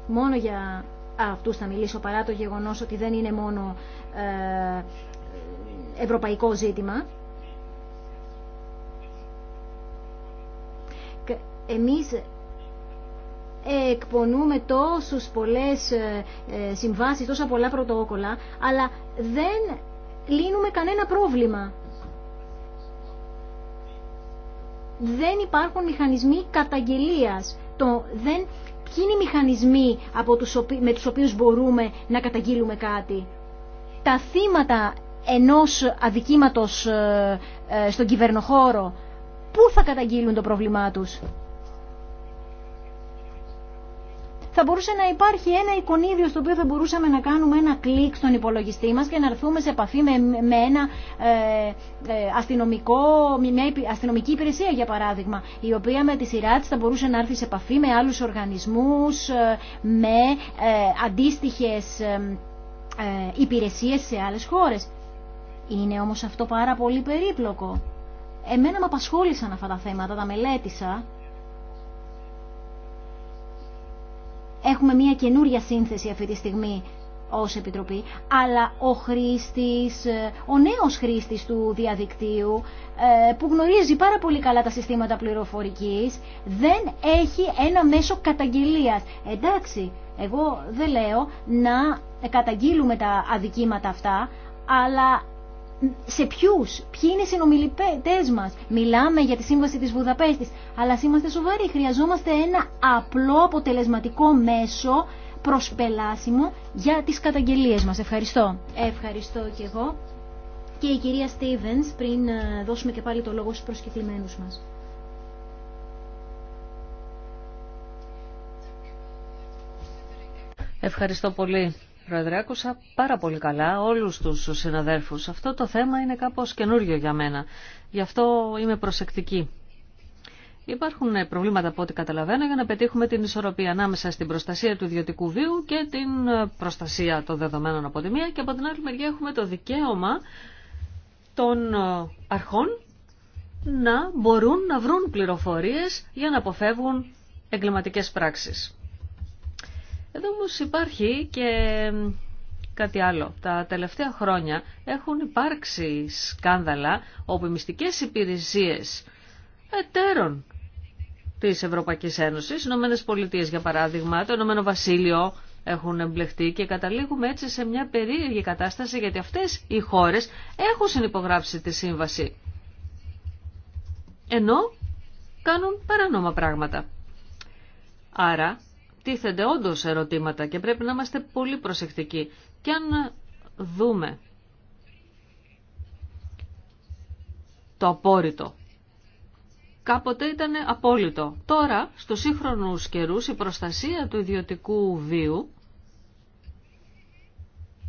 μόνο για αυτούς θα μιλήσω παρά το γεγονός ότι δεν είναι μόνο ε, ευρωπαϊκό ζήτημα. Εμείς εκπονούμε τόσους πολλές ε, ε, συμβάσεις, τόσα πολλά πρωτόκολλα, αλλά δεν λύνουμε κανένα πρόβλημα. Δεν υπάρχουν μηχανισμοί καταγγελίας. Το, δεν είναι οι μηχανισμοί από τους με τους οποίους μπορούμε να καταγγείλουμε κάτι. Τα θύματα ενός αδικήματος ε, ε, στον κυβερνοχώρο, πού θα καταγγείλουν το πρόβλημά τους. θα μπορούσε να υπάρχει ένα εικονίδιο στο οποίο θα μπορούσαμε να κάνουμε ένα κλικ στον υπολογιστή μας και να έρθουμε σε επαφή με, ένα ε, ε, αστυνομικό, μια αστυνομική υπηρεσία για παράδειγμα, η οποία με τη σειρά της θα μπορούσε να έρθει σε επαφή με άλλους οργανισμούς, ε, με ε, αντίστοιχες υπηρεσίες σε άλλες χώρες. Είναι όμως αυτό πάρα πολύ περίπλοκο. Εμένα με απασχόλησαν αυτά τα θέματα, τα μελέτησα Έχουμε μια καινούρια σύνθεση αυτή τη στιγμή ως Επιτροπή, αλλά ο χρήστης, ε, ο νέος χρήστης του διαδικτύου ε, που γνωρίζει πάρα πολύ καλά τα συστήματα πληροφορικής δεν έχει ένα μέσο καταγγελίας. Εντάξει, εγώ δεν λέω να καταγγείλουμε τα αδικήματα αυτά, αλλά σε ποιου, ποιοι είναι οι συνομιλητές μας. Μιλάμε για τη σύμβαση της Βουδαπέστη, αλλά είμαστε σοβαροί. Χρειαζόμαστε ένα απλό αποτελεσματικό μέσο προσπελάσιμο για τις καταγγελίες μας. Ευχαριστώ. Ευχαριστώ και εγώ. Και η κυρία Στίβεν, πριν ε, δώσουμε και πάλι το λόγο στου προσκεκλημένους μας. Ευχαριστώ πολύ. Πρόεδρε, άκουσα πάρα πολύ καλά όλους τους συναδέρφους. Αυτό το θέμα είναι κάπως καινούριο για μένα. Γι' αυτό είμαι προσεκτική. Υπάρχουν προβλήματα από ό,τι καταλαβαίνω για να πετύχουμε την ισορροπία ανάμεσα στην προστασία του ιδιωτικού βίου και την προστασία των δεδομένων από τη μία και από την άλλη μεριά έχουμε το δικαίωμα των ε, αρχών να μπορούν να βρουν πληροφορίες για να αποφεύγουν εγκληματικές πράξεις. Εδώ όμω υπάρχει και κάτι άλλο. Τα τελευταία χρόνια έχουν υπάρξει σκάνδαλα όπου οι μυστικές υπηρεσίες εταίρων της Ευρωπαϊκής Ένωσης, Ηνωμένες Πολιτείες για παράδειγμα, το Ηνωμένο Βασίλειο έχουν εμπλεχτεί και καταλήγουμε έτσι σε μια περίεργη κατάσταση γιατί αυτές οι χώρες έχουν συνυπογράψει τη σύμβαση. Ενώ κάνουν παράνομα πράγματα. Άρα τίθενται όντω ερωτήματα και πρέπει να είμαστε πολύ προσεκτικοί. Και αν δούμε το απόρριτο, κάποτε ήταν απόλυτο. Τώρα, στους σύγχρονους καιρούς, η προστασία του ιδιωτικού βίου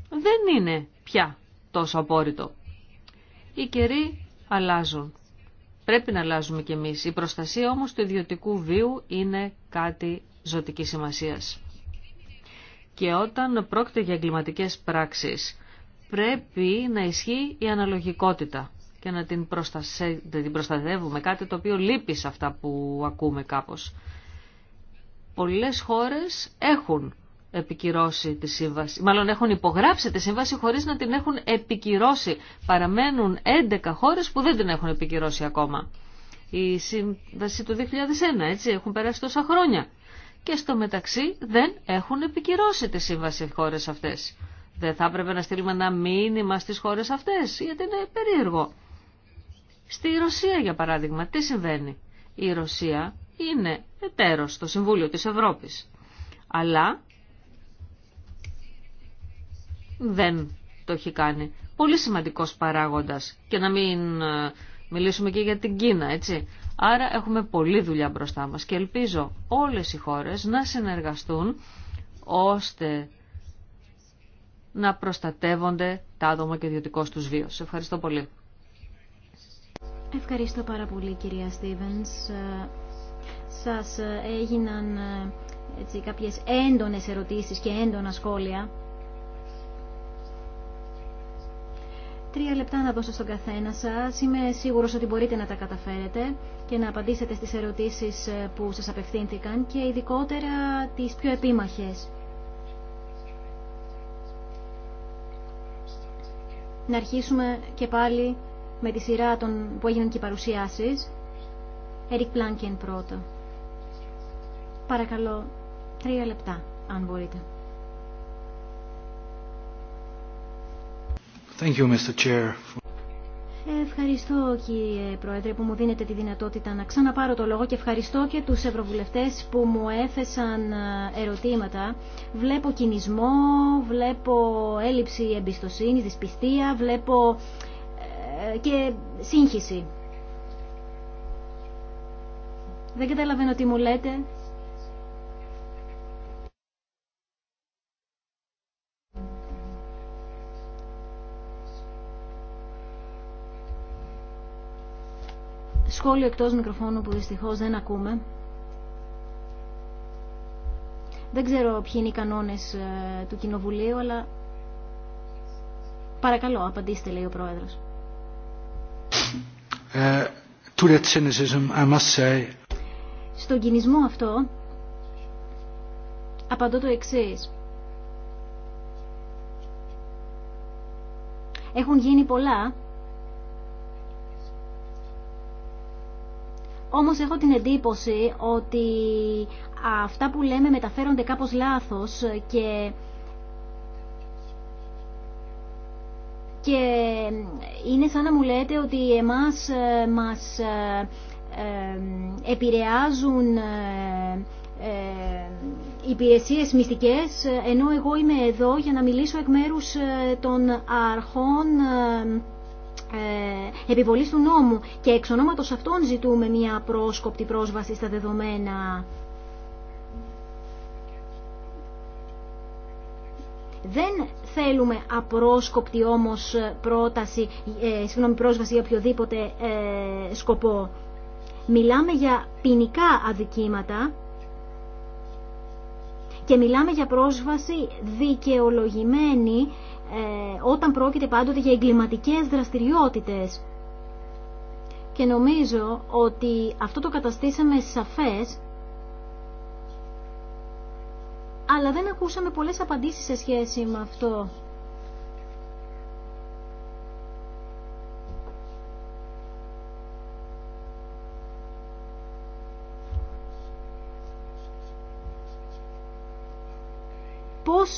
δεν είναι πια τόσο απόρριτο. Οι καιροί αλλάζουν. Πρέπει να αλλάζουμε κι εμείς. Η προστασία όμως του ιδιωτικού βίου είναι κάτι ζωτικής σημασίας. Και όταν πρόκειται για εγκληματικέ πράξεις, πρέπει να ισχύει η αναλογικότητα και να την, προστατεύουμε, κάτι το οποίο λείπει σε αυτά που ακούμε κάπως. Πολλές χώρες έχουν επικυρώσει τη σύμβαση, μάλλον έχουν υπογράψει τη σύμβαση χωρίς να την έχουν επικυρώσει. Παραμένουν 11 χώρες που δεν την έχουν επικυρώσει ακόμα. Η σύμβαση του 2001, έτσι, έχουν περάσει τόσα χρόνια και στο μεταξύ δεν έχουν επικυρώσει τη σύμβαση χώρες αυτές. Δεν θα έπρεπε να στείλουμε ένα μήνυμα στις χώρες αυτές, γιατί είναι περίεργο. Στη Ρωσία, για παράδειγμα, τι συμβαίνει. Η Ρωσία είναι εταίρος στο Συμβούλιο της Ευρώπης, αλλά δεν το έχει κάνει. Πολύ σημαντικός παράγοντας και να μην ε, μιλήσουμε και για την Κίνα, έτσι. Άρα έχουμε πολλή δουλειά μπροστά μας και ελπίζω όλες οι χώρες να συνεργαστούν ώστε να προστατεύονται τα άτομα και ιδιωτικό τους Σε Ευχαριστώ πολύ. Ευχαριστώ πάρα πολύ κυρία Στίβενς. Ε, σας ε, έγιναν ε, έτσι, κάποιες έντονες ερωτήσεις και έντονα σχόλια. Τρία λεπτά να δώσω στον καθένα σας. Είμαι σίγουρος ότι μπορείτε να τα καταφέρετε και να απαντήσετε στις ερωτήσεις ε, που σας απευθύνθηκαν και ειδικότερα τις πιο επίμαχες. Να αρχίσουμε και πάλι με τη σειρά των, που έγιναν και οι παρουσιάσεις. Ερικ Πλάνκεν πρώτα. Παρακαλώ, τρία λεπτά, αν μπορείτε. Thank you, Mr. Chair. Ευχαριστώ κύριε Πρόεδρε που μου δίνετε τη δυνατότητα να ξαναπάρω το λόγο και ευχαριστώ και τους ευρωβουλευτές που μου έθεσαν ε, ερωτήματα. Βλέπω κινησμό, βλέπω έλλειψη εμπιστοσύνης, δυσπιστία, βλέπω ε, και σύγχυση. Δεν καταλαβαίνω τι μου λέτε. σχόλιο εκτός μικροφώνου που δυστυχώς δεν ακούμε. Δεν ξέρω ποιοι είναι οι κανόνες ε, του Κοινοβουλίου, αλλά παρακαλώ, απαντήστε, λέει ο Πρόεδρος. Uh, to cynicism, I must say. Στον κινησμό αυτό, απαντώ το εξής. Έχουν γίνει πολλά Όμως έχω την εντύπωση ότι αυτά που λέμε μεταφέρονται κάπως λάθος και και είναι σαν να μου λέτε ότι εμάς ε, μας ε, ε, επηρεάζουν υπηρεσίες μυστικές ενώ εγώ είμαι εδώ για να μιλήσω εκ μέρους των αρχών ε, επιβολής του νόμου και εξ ονόματος αυτών ζητούμε μια πρόσκοπτη πρόσβαση στα δεδομένα. Δεν θέλουμε απρόσκοπτη όμως πρόταση, ε, συγγνώμη, πρόσβαση για οποιοδήποτε ε, σκοπό. Μιλάμε για ποινικά αδικήματα και μιλάμε για πρόσβαση δικαιολογημένη ε, όταν πρόκειται πάντοτε για εγκληματικές δραστηριότητες. Και νομίζω ότι αυτό το καταστήσαμε σαφές, αλλά δεν ακούσαμε πολλές απαντήσεις σε σχέση με αυτό.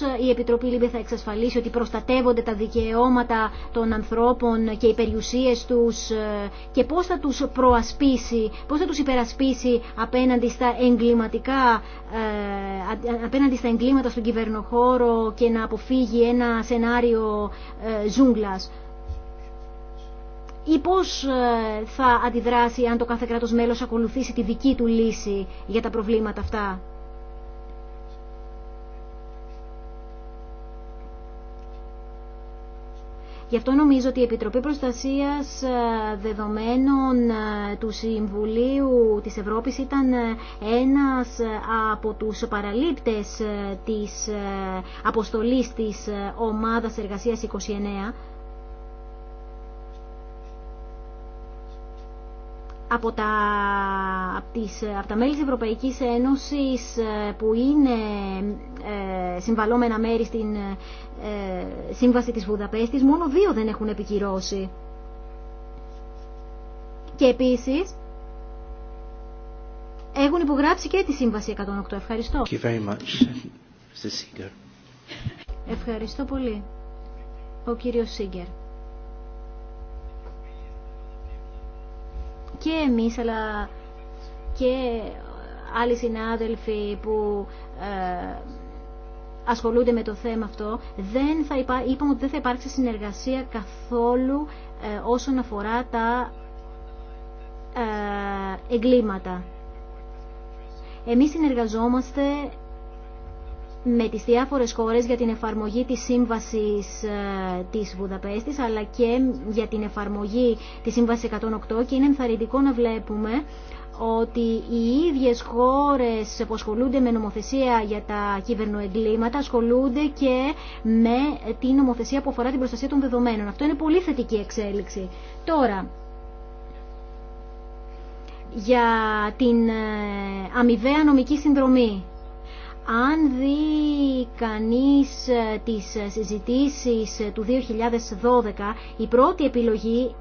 Ε, η Επιτροπή Λίμπε θα εξασφαλίσει ότι προστατεύονται τα δικαιώματα των ανθρώπων και οι περιουσίες τους ε, και πώς θα τους προασπίσει, πώς θα τους υπερασπίσει απέναντι στα εγκληματικά, ε, απέναντι στα εγκλήματα στον κυβερνοχώρο και να αποφύγει ένα σενάριο ζούγκλας ή πώς θα αντιδράσει αν το κάθε κράτος μέλος ακολουθήσει τη δική του λύση για τα προβλήματα αυτά. Γι' αυτό νομίζω ότι η Επιτροπή Προστασίας ε, Δεδομένων ε, του Συμβουλίου της Ευρώπης ήταν ε, ένας από τους παραλήπτες της αποστολής της Ομάδας Εργασίας 29 από τα, από τις, από μέλη της Ευρωπαϊκής Ένωσης ε, που είναι ε, μέρη στην ε, Σύμβαση της Βουδαπέστης, μόνο δύο δεν έχουν επικυρώσει. Και επίσης έχουν υπογράψει και τη Σύμβαση 108. Ευχαριστώ. Ευχαριστώ πολύ. Ο κύριος Σίγκερ. και εμείς αλλά και άλλοι συνάδελφοι που ε, ασχολούνται με το θέμα αυτό, δεν θα υπά... είπαμε ότι δεν θα υπάρξει συνεργασία καθόλου ε, όσον αφορά τα ε, εγκλήματα. Εμείς συνεργαζόμαστε με τις διάφορες χώρες για την εφαρμογή της Σύμβασης ε, της Βουδαπέστης αλλά και για την εφαρμογή της Σύμβασης 108 και είναι ενθαρρυντικό να βλέπουμε ότι οι ίδιες χώρες που ασχολούνται με νομοθεσία για τα κυβερνοεγκλήματα ασχολούνται και με την νομοθεσία που αφορά την προστασία των δεδομένων. Αυτό είναι πολύ θετική εξέλιξη. Τώρα, για την ε, αμοιβαία νομική συνδρομή αν δει κανείς ε, τις ε, συζητήσεις ε, του 2012, η πρώτη επιλογή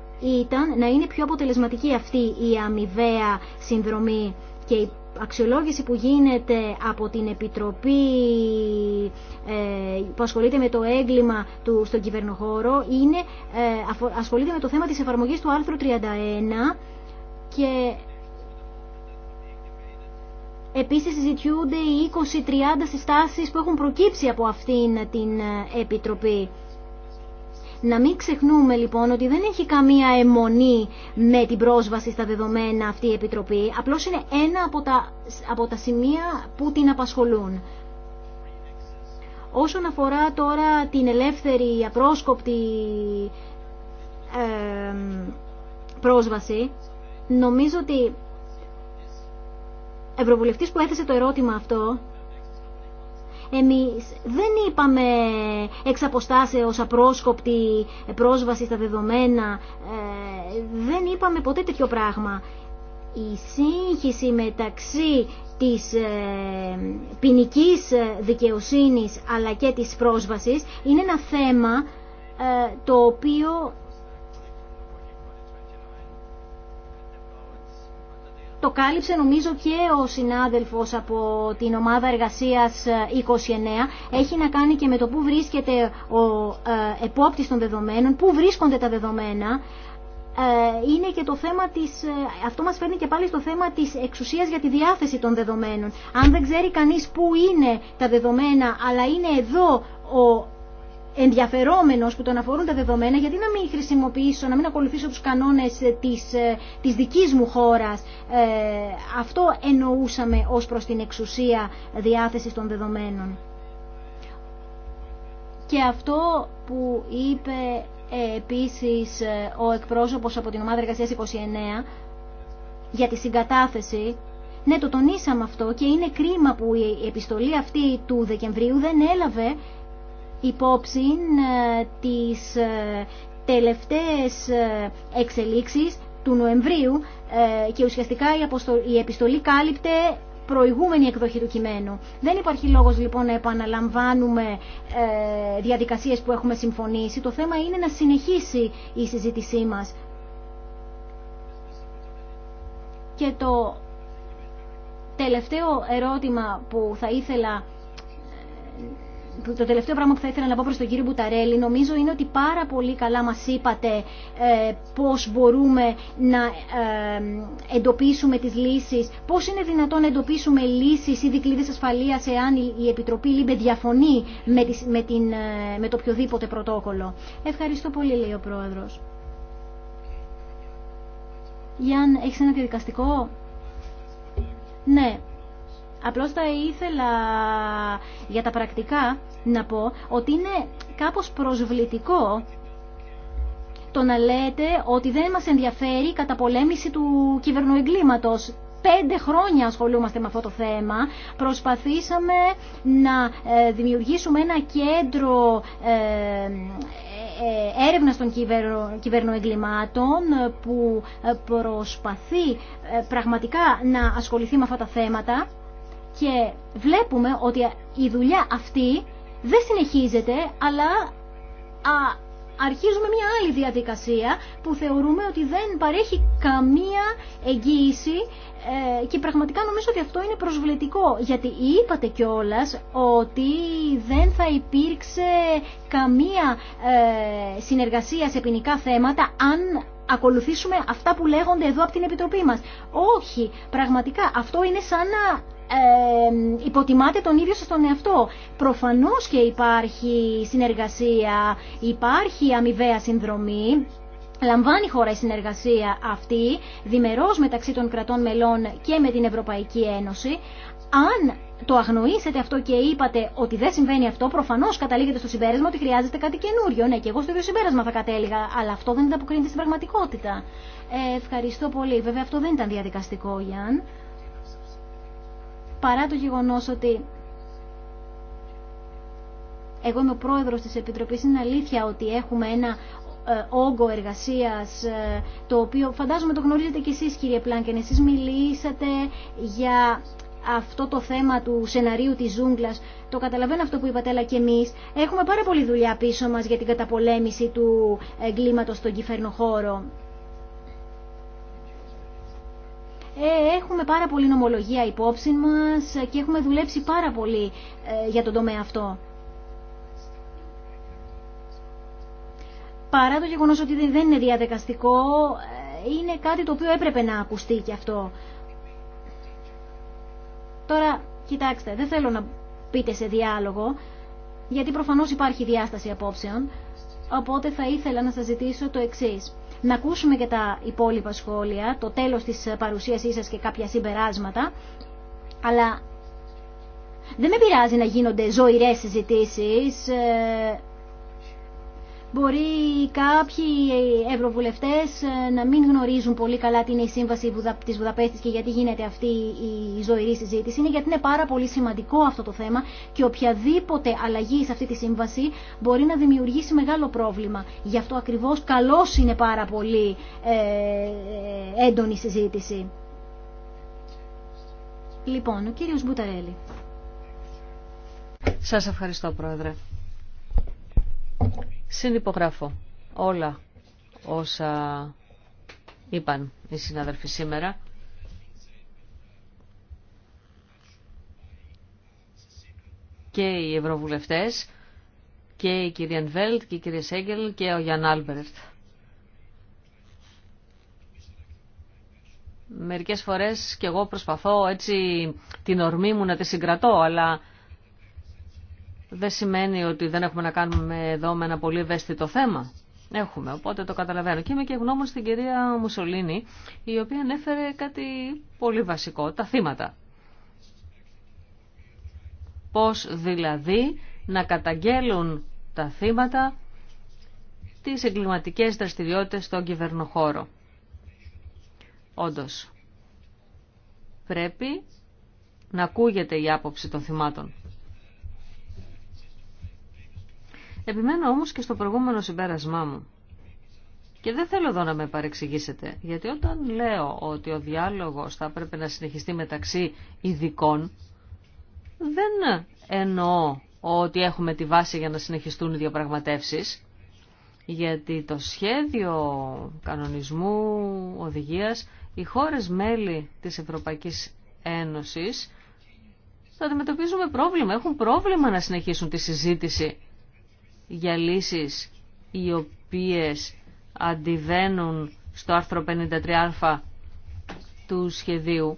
ήταν να είναι πιο αποτελεσματική αυτή η αμοιβαία συνδρομή και η αξιολόγηση που γίνεται από την Επιτροπή που ασχολείται με το έγκλημα του, στον κυβερνοχώρο είναι, ασχολείται με το θέμα της εφαρμογής του άρθρου 31 και Επίσης συζητιούνται οι 20-30 συστάσεις που έχουν προκύψει από αυτήν την ε, Επιτροπή. Να μην ξεχνούμε λοιπόν ότι δεν έχει καμία αιμονή με την πρόσβαση στα δεδομένα αυτή η Επιτροπή. Απλώς είναι ένα από τα, από τα σημεία που την απασχολούν. Όσον αφορά τώρα την ελεύθερη, απρόσκοπτη ε, πρόσβαση, νομίζω ότι ευρωβουλευτής που έθεσε το ερώτημα αυτό, εμείς δεν είπαμε εξ αποστάσεως απρόσκοπτη πρόσβαση στα δεδομένα, ε, δεν είπαμε ποτέ τέτοιο πράγμα. Η σύγχυση μεταξύ της ε, ποινική δικαιοσύνης αλλά και της πρόσβασης είναι ένα θέμα ε, το οποίο Το κάλυψε νομίζω και ο συνάδελφος από την ομάδα εργασίας 29. Ε, Έχει να κάνει και με το πού βρίσκεται ο ε, επόπτης των δεδομένων, πού βρίσκονται τα δεδομένα. Ε, είναι και το θέμα της, αυτό μας φέρνει και πάλι στο θέμα της εξουσίας για τη διάθεση των δεδομένων. Αν δεν ξέρει κανείς πού είναι τα δεδομένα, αλλά είναι εδώ ο ενδιαφερόμενος που τον αφορούν τα δεδομένα, γιατί να μην χρησιμοποιήσω, να μην ακολουθήσω τους κανόνες ε, της, ε, της δικής μου χώρας. Ε, αυτό εννοούσαμε ως προς την εξουσία διάθεσης των δεδομένων. Και αυτό που είπε ε, επίσης ο εκπρόσωπος από την ομάδα εργασίας 29 για τη συγκατάθεση ναι, το τονίσαμε αυτό και είναι κρίμα που η επιστολή αυτή του Δεκεμβρίου δεν έλαβε υπόψη ε, τις ε, τελευταίες ε, εξελίξεις του Νοεμβρίου και ουσιαστικά η επιστολή κάλυπτε προηγούμενη εκδοχή του κειμένου. Δεν υπάρχει λόγος λοιπόν να επαναλαμβάνουμε διαδικασίες που έχουμε συμφωνήσει. Το θέμα είναι να συνεχίσει η συζήτησή μας. Και το τελευταίο ερώτημα που θα ήθελα το τελευταίο πράγμα που θα ήθελα να πω προς τον κύριο Μπουταρέλη νομίζω είναι ότι πάρα πολύ καλά μας είπατε ε, πώς μπορούμε να ε, εντοπίσουμε τις λύσεις, πώς είναι δυνατόν να εντοπίσουμε λύσεις ή δικλείδες ασφαλείας εάν η Επιτροπή Λίμπε διαφωνεί με, με, την, ε, με το οποιοδήποτε πρωτόκολλο. Ευχαριστώ πολύ λέει ο Πρόεδρος. Γιάν, έχεις ένα διαδικαστικό? Ναι. Απλώς θα ήθελα για τα πρακτικά να πω ότι είναι κάπως προσβλητικό το να λέτε ότι δεν μας ενδιαφέρει η καταπολέμηση του κυβερνοεγκλήματος πέντε χρόνια ασχολούμαστε με αυτό το θέμα. Προσπαθήσαμε να ε, δημιουργήσουμε ένα κέντρο ε, ε, έρευνας των κυβερνοεγκλημάτων που προσπαθεί πραγματικά να ασχοληθεί με αυτά τα θέματα και βλέπουμε ότι η δουλειά αυτή δεν συνεχίζεται, αλλά αρχίζουμε μια άλλη διαδικασία που θεωρούμε ότι δεν παρέχει καμία εγγύηση ε, και πραγματικά νομίζω ότι αυτό είναι προσβλητικό γιατί είπατε κιόλας ότι δεν θα υπήρξε καμία ε, συνεργασία σε ποινικά θέματα αν ακολουθήσουμε αυτά που λέγονται εδώ από την Επιτροπή μας. Όχι, πραγματικά αυτό είναι σαν να ε, υποτιμάτε τον ίδιο σας τον εαυτό. Προφανώς και υπάρχει συνεργασία, υπάρχει αμοιβαία συνδρομή. Λαμβάνει χώρα η συνεργασία αυτή, διμερώς μεταξύ των κρατών μελών και με την Ευρωπαϊκή Ένωση. Αν το αγνοήσετε αυτό και είπατε ότι δεν συμβαίνει αυτό, προφανώ καταλήγετε στο συμπέρασμα ότι χρειάζεται κάτι καινούριο. Ναι, και εγώ στο ίδιο συμπέρασμα θα κατέληγα, αλλά αυτό δεν ανταποκρίνεται στην πραγματικότητα. Ε, ευχαριστώ πολύ. Βέβαια, αυτό δεν ήταν διαδικαστικό, Γιάνν παρά το γεγονός ότι εγώ είμαι ο πρόεδρος της Επιτροπής, είναι αλήθεια ότι έχουμε ένα ε, όγκο εργασίας, ε, το οποίο φαντάζομαι το γνωρίζετε κι εσείς κύριε Πλάνκεν, εσείς μιλήσατε για αυτό το θέμα του σεναρίου της ζούγκλας, το καταλαβαίνω αυτό που είπατε, αλλά και εμείς έχουμε πάρα πολύ δουλειά πίσω μας για την καταπολέμηση του εγκλήματος στον κυφέρνο χώρο. Ε, έχουμε πάρα πολύ νομολογία υπόψη μας και έχουμε δουλέψει πάρα πολύ ε, για τον τομέα αυτό. Παρά το γεγονός ότι δεν είναι διαδικαστικό, ε, είναι κάτι το οποίο έπρεπε να ακουστεί και αυτό. Τώρα, κοιτάξτε, δεν θέλω να πείτε σε διάλογο, γιατί προφανώς υπάρχει διάσταση απόψεων, οπότε θα ήθελα να σας ζητήσω το εξής να ακούσουμε και τα υπόλοιπα σχόλια, το τέλος της παρουσίασής σας και κάποια συμπεράσματα, αλλά δεν με πειράζει να γίνονται ζωηρές συζητήσεις, ε, Μπορεί κάποιοι ευρωβουλευτές ε, να μην γνωρίζουν πολύ καλά τι είναι η σύμβαση της Βουδαπέστης και γιατί γίνεται αυτή η ζωηρή συζήτηση. Είναι γιατί είναι πάρα πολύ σημαντικό αυτό το θέμα και οποιαδήποτε αλλαγή σε αυτή τη σύμβαση μπορεί να δημιουργήσει μεγάλο πρόβλημα. Γι' αυτό ακριβώς καλώς είναι πάρα πολύ ε, ε, έντονη συζήτηση. Λοιπόν, ο κύριος Μπουταρέλη. Σας ευχαριστώ, Πρόεδρε. Συνυπογράφω όλα όσα είπαν οι συνάδελφοι σήμερα. και οι ευρωβουλευτές και η κυρία Βέλτ και η κυρία Σέγγελ και ο Γιάνν Άλμπερτ. Μερικές φορές και εγώ προσπαθώ έτσι την ορμή μου να τη συγκρατώ, αλλά δεν σημαίνει ότι δεν έχουμε να κάνουμε εδώ με ένα πολύ ευαίσθητο θέμα. Έχουμε, οπότε το καταλαβαίνω. Και είμαι και γνώμων στην κυρία Μουσολίνη, η οποία ανέφερε κάτι πολύ βασικό, τα θύματα. Πώς δηλαδή να καταγγέλουν τα θύματα τις εγκληματικές δραστηριότητες στον κυβερνοχώρο. Όντως, πρέπει να ακούγεται η άποψη των θυμάτων. Επιμένω όμως και στο προηγούμενο συμπέρασμά μου. Και δεν θέλω εδώ να με παρεξηγήσετε, γιατί όταν λέω ότι ο διάλογος θα πρέπει να συνεχιστεί μεταξύ ειδικών, δεν εννοώ ότι έχουμε τη βάση για να συνεχιστούν οι διαπραγματεύσεις, γιατί το σχέδιο κανονισμού οδηγίας, οι χώρες μέλη της Ευρωπαϊκής Ένωσης θα αντιμετωπίζουμε πρόβλημα, έχουν πρόβλημα να συνεχίσουν τη συζήτηση για λύσεις οι οποίες αντιβαίνουν στο άρθρο 53α του σχεδίου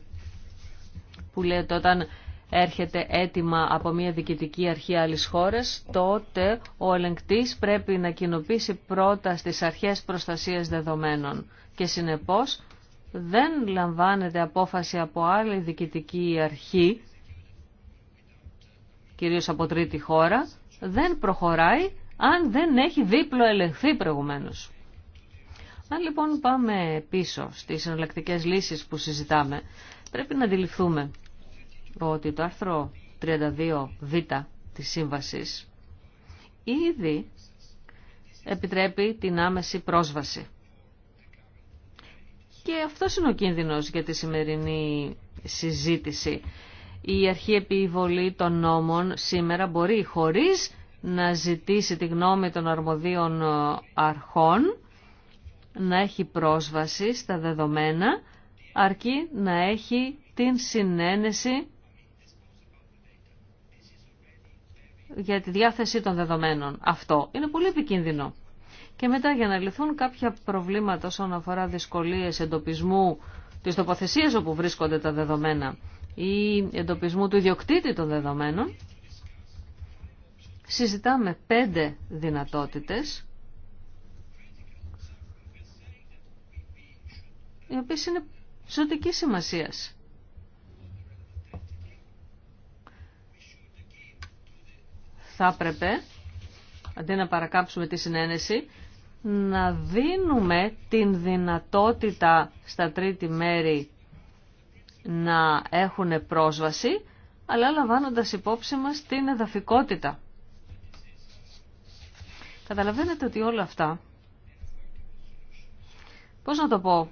που λέει ότι όταν έρχεται έτοιμα από μια διοικητική αρχή άλλης χώρας, τότε ο ελεγκτής πρέπει να κοινοποιήσει πρώτα στις αρχές προστασίας δεδομένων και συνεπώς δεν λαμβάνεται απόφαση από άλλη διοικητική αρχή, κυρίως από τρίτη χώρα, δεν προχωράει αν δεν έχει δίπλο ελεγχθεί προηγουμένως. Αν λοιπόν πάμε πίσω στις εναλλακτικέ λύσεις που συζητάμε, πρέπει να αντιληφθούμε ότι το άρθρο 32β της Σύμβασης ήδη επιτρέπει την άμεση πρόσβαση. Και αυτό είναι ο κίνδυνος για τη σημερινή συζήτηση η αρχή επιβολή των νόμων σήμερα μπορεί χωρίς να ζητήσει τη γνώμη των αρμοδίων ε, αρχών να έχει πρόσβαση στα δεδομένα αρκεί να έχει την συνένεση για τη διάθεση των δεδομένων. Αυτό είναι πολύ επικίνδυνο. Και μετά για να λυθούν κάποια προβλήματα όσον αφορά δυσκολίες εντοπισμού της τοποθεσίας όπου βρίσκονται τα δεδομένα ή εντοπισμού του ιδιοκτήτη των δεδομένων, συζητάμε πέντε δυνατότητες, οι οποίες είναι ζωτική σημασίας. Θα έπρεπε, αντί να παρακάψουμε τη συνένεση, να δίνουμε την δυνατότητα στα τρίτη μέρη να έχουν πρόσβαση, αλλά λαμβάνοντας υπόψη μας την εδαφικότητα. Καταλαβαίνετε ότι όλα αυτά, πώς να το πω,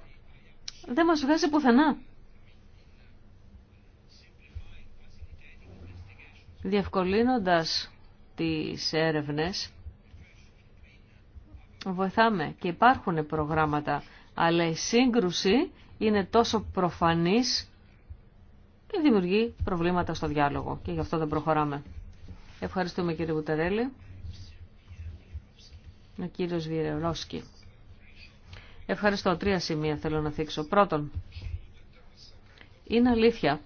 δεν μας βγάζει πουθενά. Διευκολύνοντας τις έρευνες, βοηθάμε και υπάρχουν προγράμματα, αλλά η σύγκρουση είναι τόσο προφανής και δημιουργεί προβλήματα στο διάλογο και γι' αυτό δεν προχωράμε. Ευχαριστούμε κύριε Βουτερέλη, Ο κύριος Βιερολόσκι. Ευχαριστώ. Τρία σημεία θέλω να θίξω. Πρώτον, είναι αλήθεια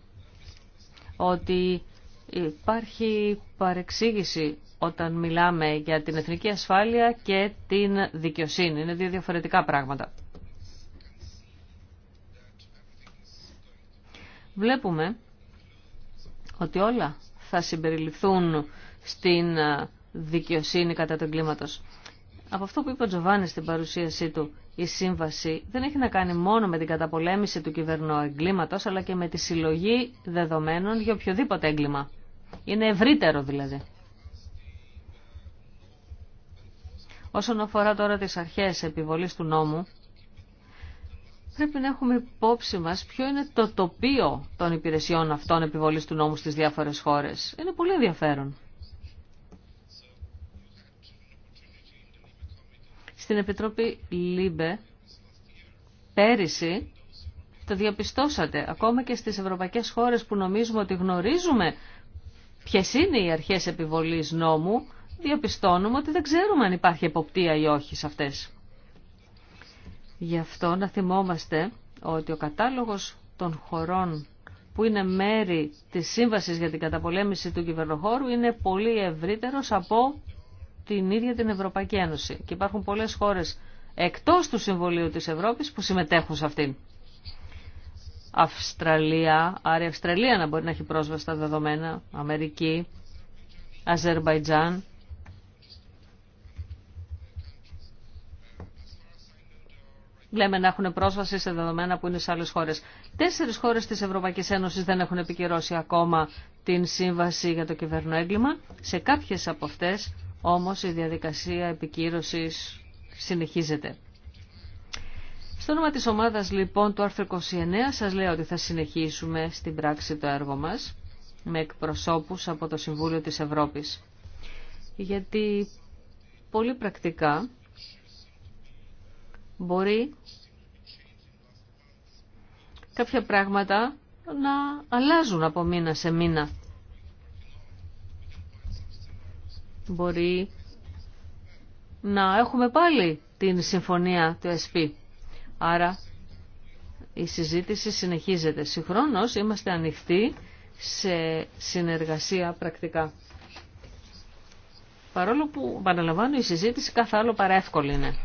ότι υπάρχει παρεξήγηση όταν μιλάμε για την εθνική ασφάλεια και την δικαιοσύνη. Είναι δύο διαφορετικά πράγματα. βλέπουμε ότι όλα θα συμπεριληφθούν στην ε, δικαιοσύνη κατά τον κλίματος. Από αυτό που είπε ο Τζοβάνη στην παρουσίασή του, η σύμβαση δεν έχει να κάνει μόνο με την καταπολέμηση του κυβερνοεγκλήματος, αλλά και με τη συλλογή δεδομένων για οποιοδήποτε έγκλημα. Είναι ευρύτερο δηλαδή. Όσον αφορά τώρα τις αρχές επιβολής του νόμου, πρέπει να έχουμε υπόψη μας ποιο είναι το τοπίο των υπηρεσιών αυτών επιβολής του νόμου στις διάφορες χώρες. Είναι πολύ ενδιαφέρον. Στην Επιτροπή ΛΥΜΠΕ πέρυσι το διαπιστώσατε ακόμα και στις ευρωπαϊκές χώρες που νομίζουμε ότι γνωρίζουμε ποιες είναι οι αρχές επιβολής νόμου διαπιστώνουμε ότι δεν ξέρουμε αν υπάρχει εποπτεία ή όχι σε αυτές. Γι' αυτό να θυμόμαστε ότι ο κατάλογος των χωρών που είναι μέρη της Σύμβασης για την Καταπολέμηση του Κυβερνοχώρου είναι πολύ ευρύτερος από την ίδια την Ευρωπαϊκή Ένωση. Και υπάρχουν πολλές χώρες εκτός του Συμβολίου της Ευρώπης που συμμετέχουν σε αυτήν. Αυστραλία, άρα η Αυστραλία να μπορεί να έχει πρόσβαση στα δεδομένα, Αμερική, Αζερβαϊτζάν. λέμε να έχουν πρόσβαση σε δεδομένα που είναι σε άλλες χώρες. Τέσσερις χώρες της Ευρωπαϊκής Ένωσης δεν έχουν επικυρώσει ακόμα την σύμβαση για το έγκλημα. Σε κάποιες από αυτές όμως η διαδικασία επικύρωσης συνεχίζεται. Στο όνομα της ομάδας λοιπόν του άρθρου 29 σας λέω ότι θα συνεχίσουμε στην πράξη το έργο μας με εκπροσώπους από το Συμβούλιο της Ευρώπης. Γιατί πολύ πρακτικά μπορεί κάποια πράγματα να αλλάζουν από μήνα σε μήνα. Μπορεί να έχουμε πάλι την συμφωνία του SP. Άρα η συζήτηση συνεχίζεται. Συγχρόνως είμαστε ανοιχτοί σε συνεργασία πρακτικά. Παρόλο που, παραλαμβάνω, η συζήτηση καθ' άλλο είναι.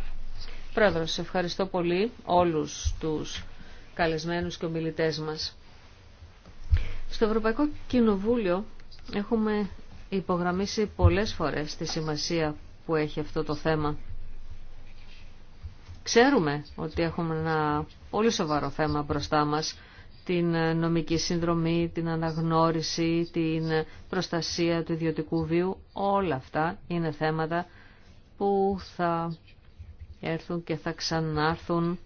Πρόεδρος, ευχαριστώ πολύ όλους τους καλεσμένους και ομιλητές μας. Στο Ευρωπαϊκό Κοινοβούλιο έχουμε υπογραμμίσει πολλές φορές τη σημασία που έχει αυτό το θέμα. Ξέρουμε ότι έχουμε ένα πολύ σοβαρό θέμα μπροστά μας, την νομική συνδρομή, την αναγνώριση, την προστασία του ιδιωτικού βίου, όλα αυτά είναι θέματα που θα έρθουν και θα ξανάρθουν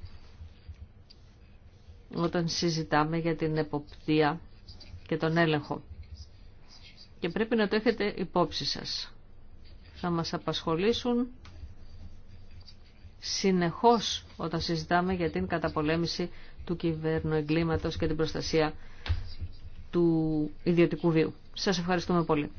όταν συζητάμε για την εποπτεία και τον έλεγχο. Και πρέπει να το έχετε υπόψη σας. Θα μας απασχολήσουν συνεχώς όταν συζητάμε για την καταπολέμηση του κυβερνοεγκλήματος και την προστασία του ιδιωτικού βίου. Σας ευχαριστούμε πολύ.